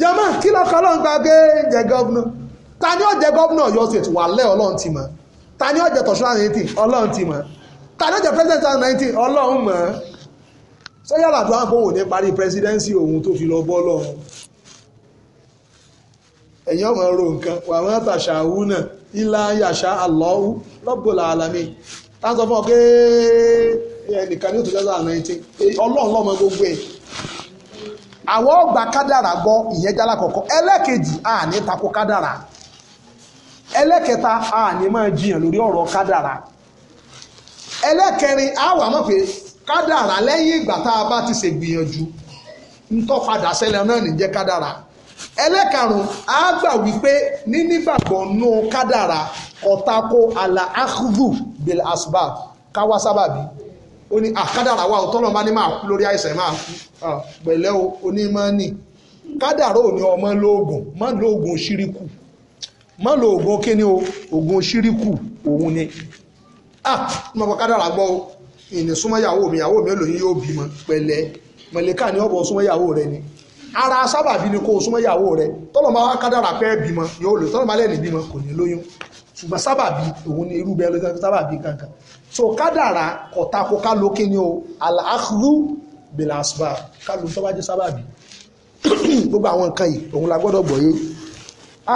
jọmọ kí lọkọ Ọlọ́run gba gé jẹ gọvnọ ta ni ó jẹ gọvnọ Ọ̀yọ́ state wà lẹ Ọlọ́run ti mọ̀ ta ni ó jẹ tọṣúná nineteen Ọlọ́run ti mọ̀ ta ni ó jẹ president of nineteen Ọlọ́run mọ̀ sọyà làdúrà kó wò ní parí presidency òun tó fi lọ bọ́ lọ́hùn ẹ̀yin ọmọ ro nǹkan wà wọ́n tàṣà wú náà ilá yàṣà àlọ́wú lọ́gbọ̀lá alámi tá a sọ fún ọ pé ẹnìkan ní two thousand and ọmọ gbogbo ẹ̀ àwọn ọgbà kádàrà gbọ́ ìyẹn jálá kọ̀ọ̀kan ẹlẹ́kejì àní tako kádàrà ẹlẹ́kẹta àní máa jiyàn lórí ọ̀rọ̀ kádàrà ẹlẹ́kẹrin àwọn àmọ́ pé kádàrà lẹ́yìn ìgbà tá a bá ti ṣe gbìyànjú náà níjẹ́ kádàrà ẹlẹ́karùn-ún a gbà wípé nínígbàgbọ́ nú kádàrà bil asbab sábàbí ó ní àkádàrà ah, wa ọ̀tọ́lọ́mọ ní máa kú lórí àìsàn máa kú ah, pẹ̀lẹ́ o onímọ̀ nì kádàrà ò ní ọmọ lóògùn má lóògùn ṣíríkù má lóògùn kíni o ògùn ṣíríkù òun ni ah mo kọ kádàrà gbọ́ o ìní súnmọ́yàwó mi ìyàwó mi olóyún yóò bímọ pẹ̀lẹ́ mọ̀lẹ́ká ní ọ̀bọ̀ súnmọ́yàwó rẹ ni ara sábàbí ni kó o súnmọ́yàwó rẹ tọ́lọ́mọ wa kádàrà pé bímọ yóò lò tọ́lọ́mọ alẹ́ ní bímọ kò ní lóyún ṣùgbọ́n sábàbí òun ni irú bẹ́ẹ̀ lójú sábàbí kankan so kádàrá kọ̀tako ká ló kí ni o al-akhdhu bil-asbab ká ló tó bá jẹ́ sábàbí gbogbo àwọn nǹkan yìí òun la gbọ́dọ̀ gbọ́ yìí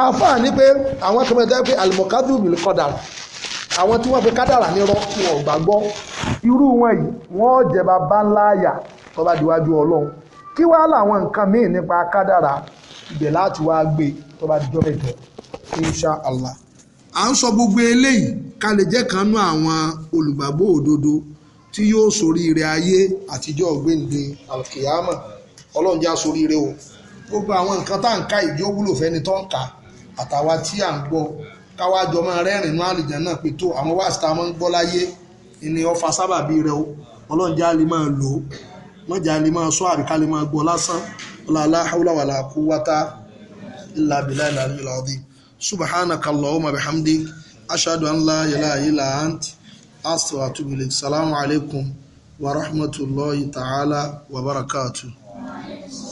àáfàá ni pé àwọn kan mẹ́ta pé al-muqaddu bil-qadar àwọn tí wọ́n fi kádàrà ní rọ́ wọn ò gbàgbọ́ irú wọn yìí wọ́n jẹba bá ńlá àyà tó bá diwájú ọlọ́run kí wá láwọn nǹkan míì nípa kádàrà ibẹ̀ láti wá gbé tó bá dijọ́ mẹ́jọ insha allah à ń sọ gbogbo eléyìí ká lè jẹ́ kan nú àwọn olùgbàgbọ́ òdodo tí yóò ṣoríire ayé àtijọ́ gbèǹde alkiyama ọlọ́run já ṣoríire o gbogbo àwọn nǹkan tá à ń ka ìjọ wúlò fẹ́ni tó ń kà àtàwa tí à ń gbọ́ káwá jọ máa rẹ́rìn inú àlìjẹ́ náà pé tó àwọn wáàsí tá a máa ń gbọ́ láyé ni ọfà sábàbí rẹ o ọlọ́run já lè máa lò ó wọ́n já lè máa sọ àbí ká lè máa gbọ́ lásán ọlá aláhàwùlà kú wátá ìlà bìlà ìlà ìlà ọdún. سبحانك اللهم بحمدك أشهد أن لا إله إلا أنت أستغفرك السلام عليكم ورحمة الله تعالى وبركاته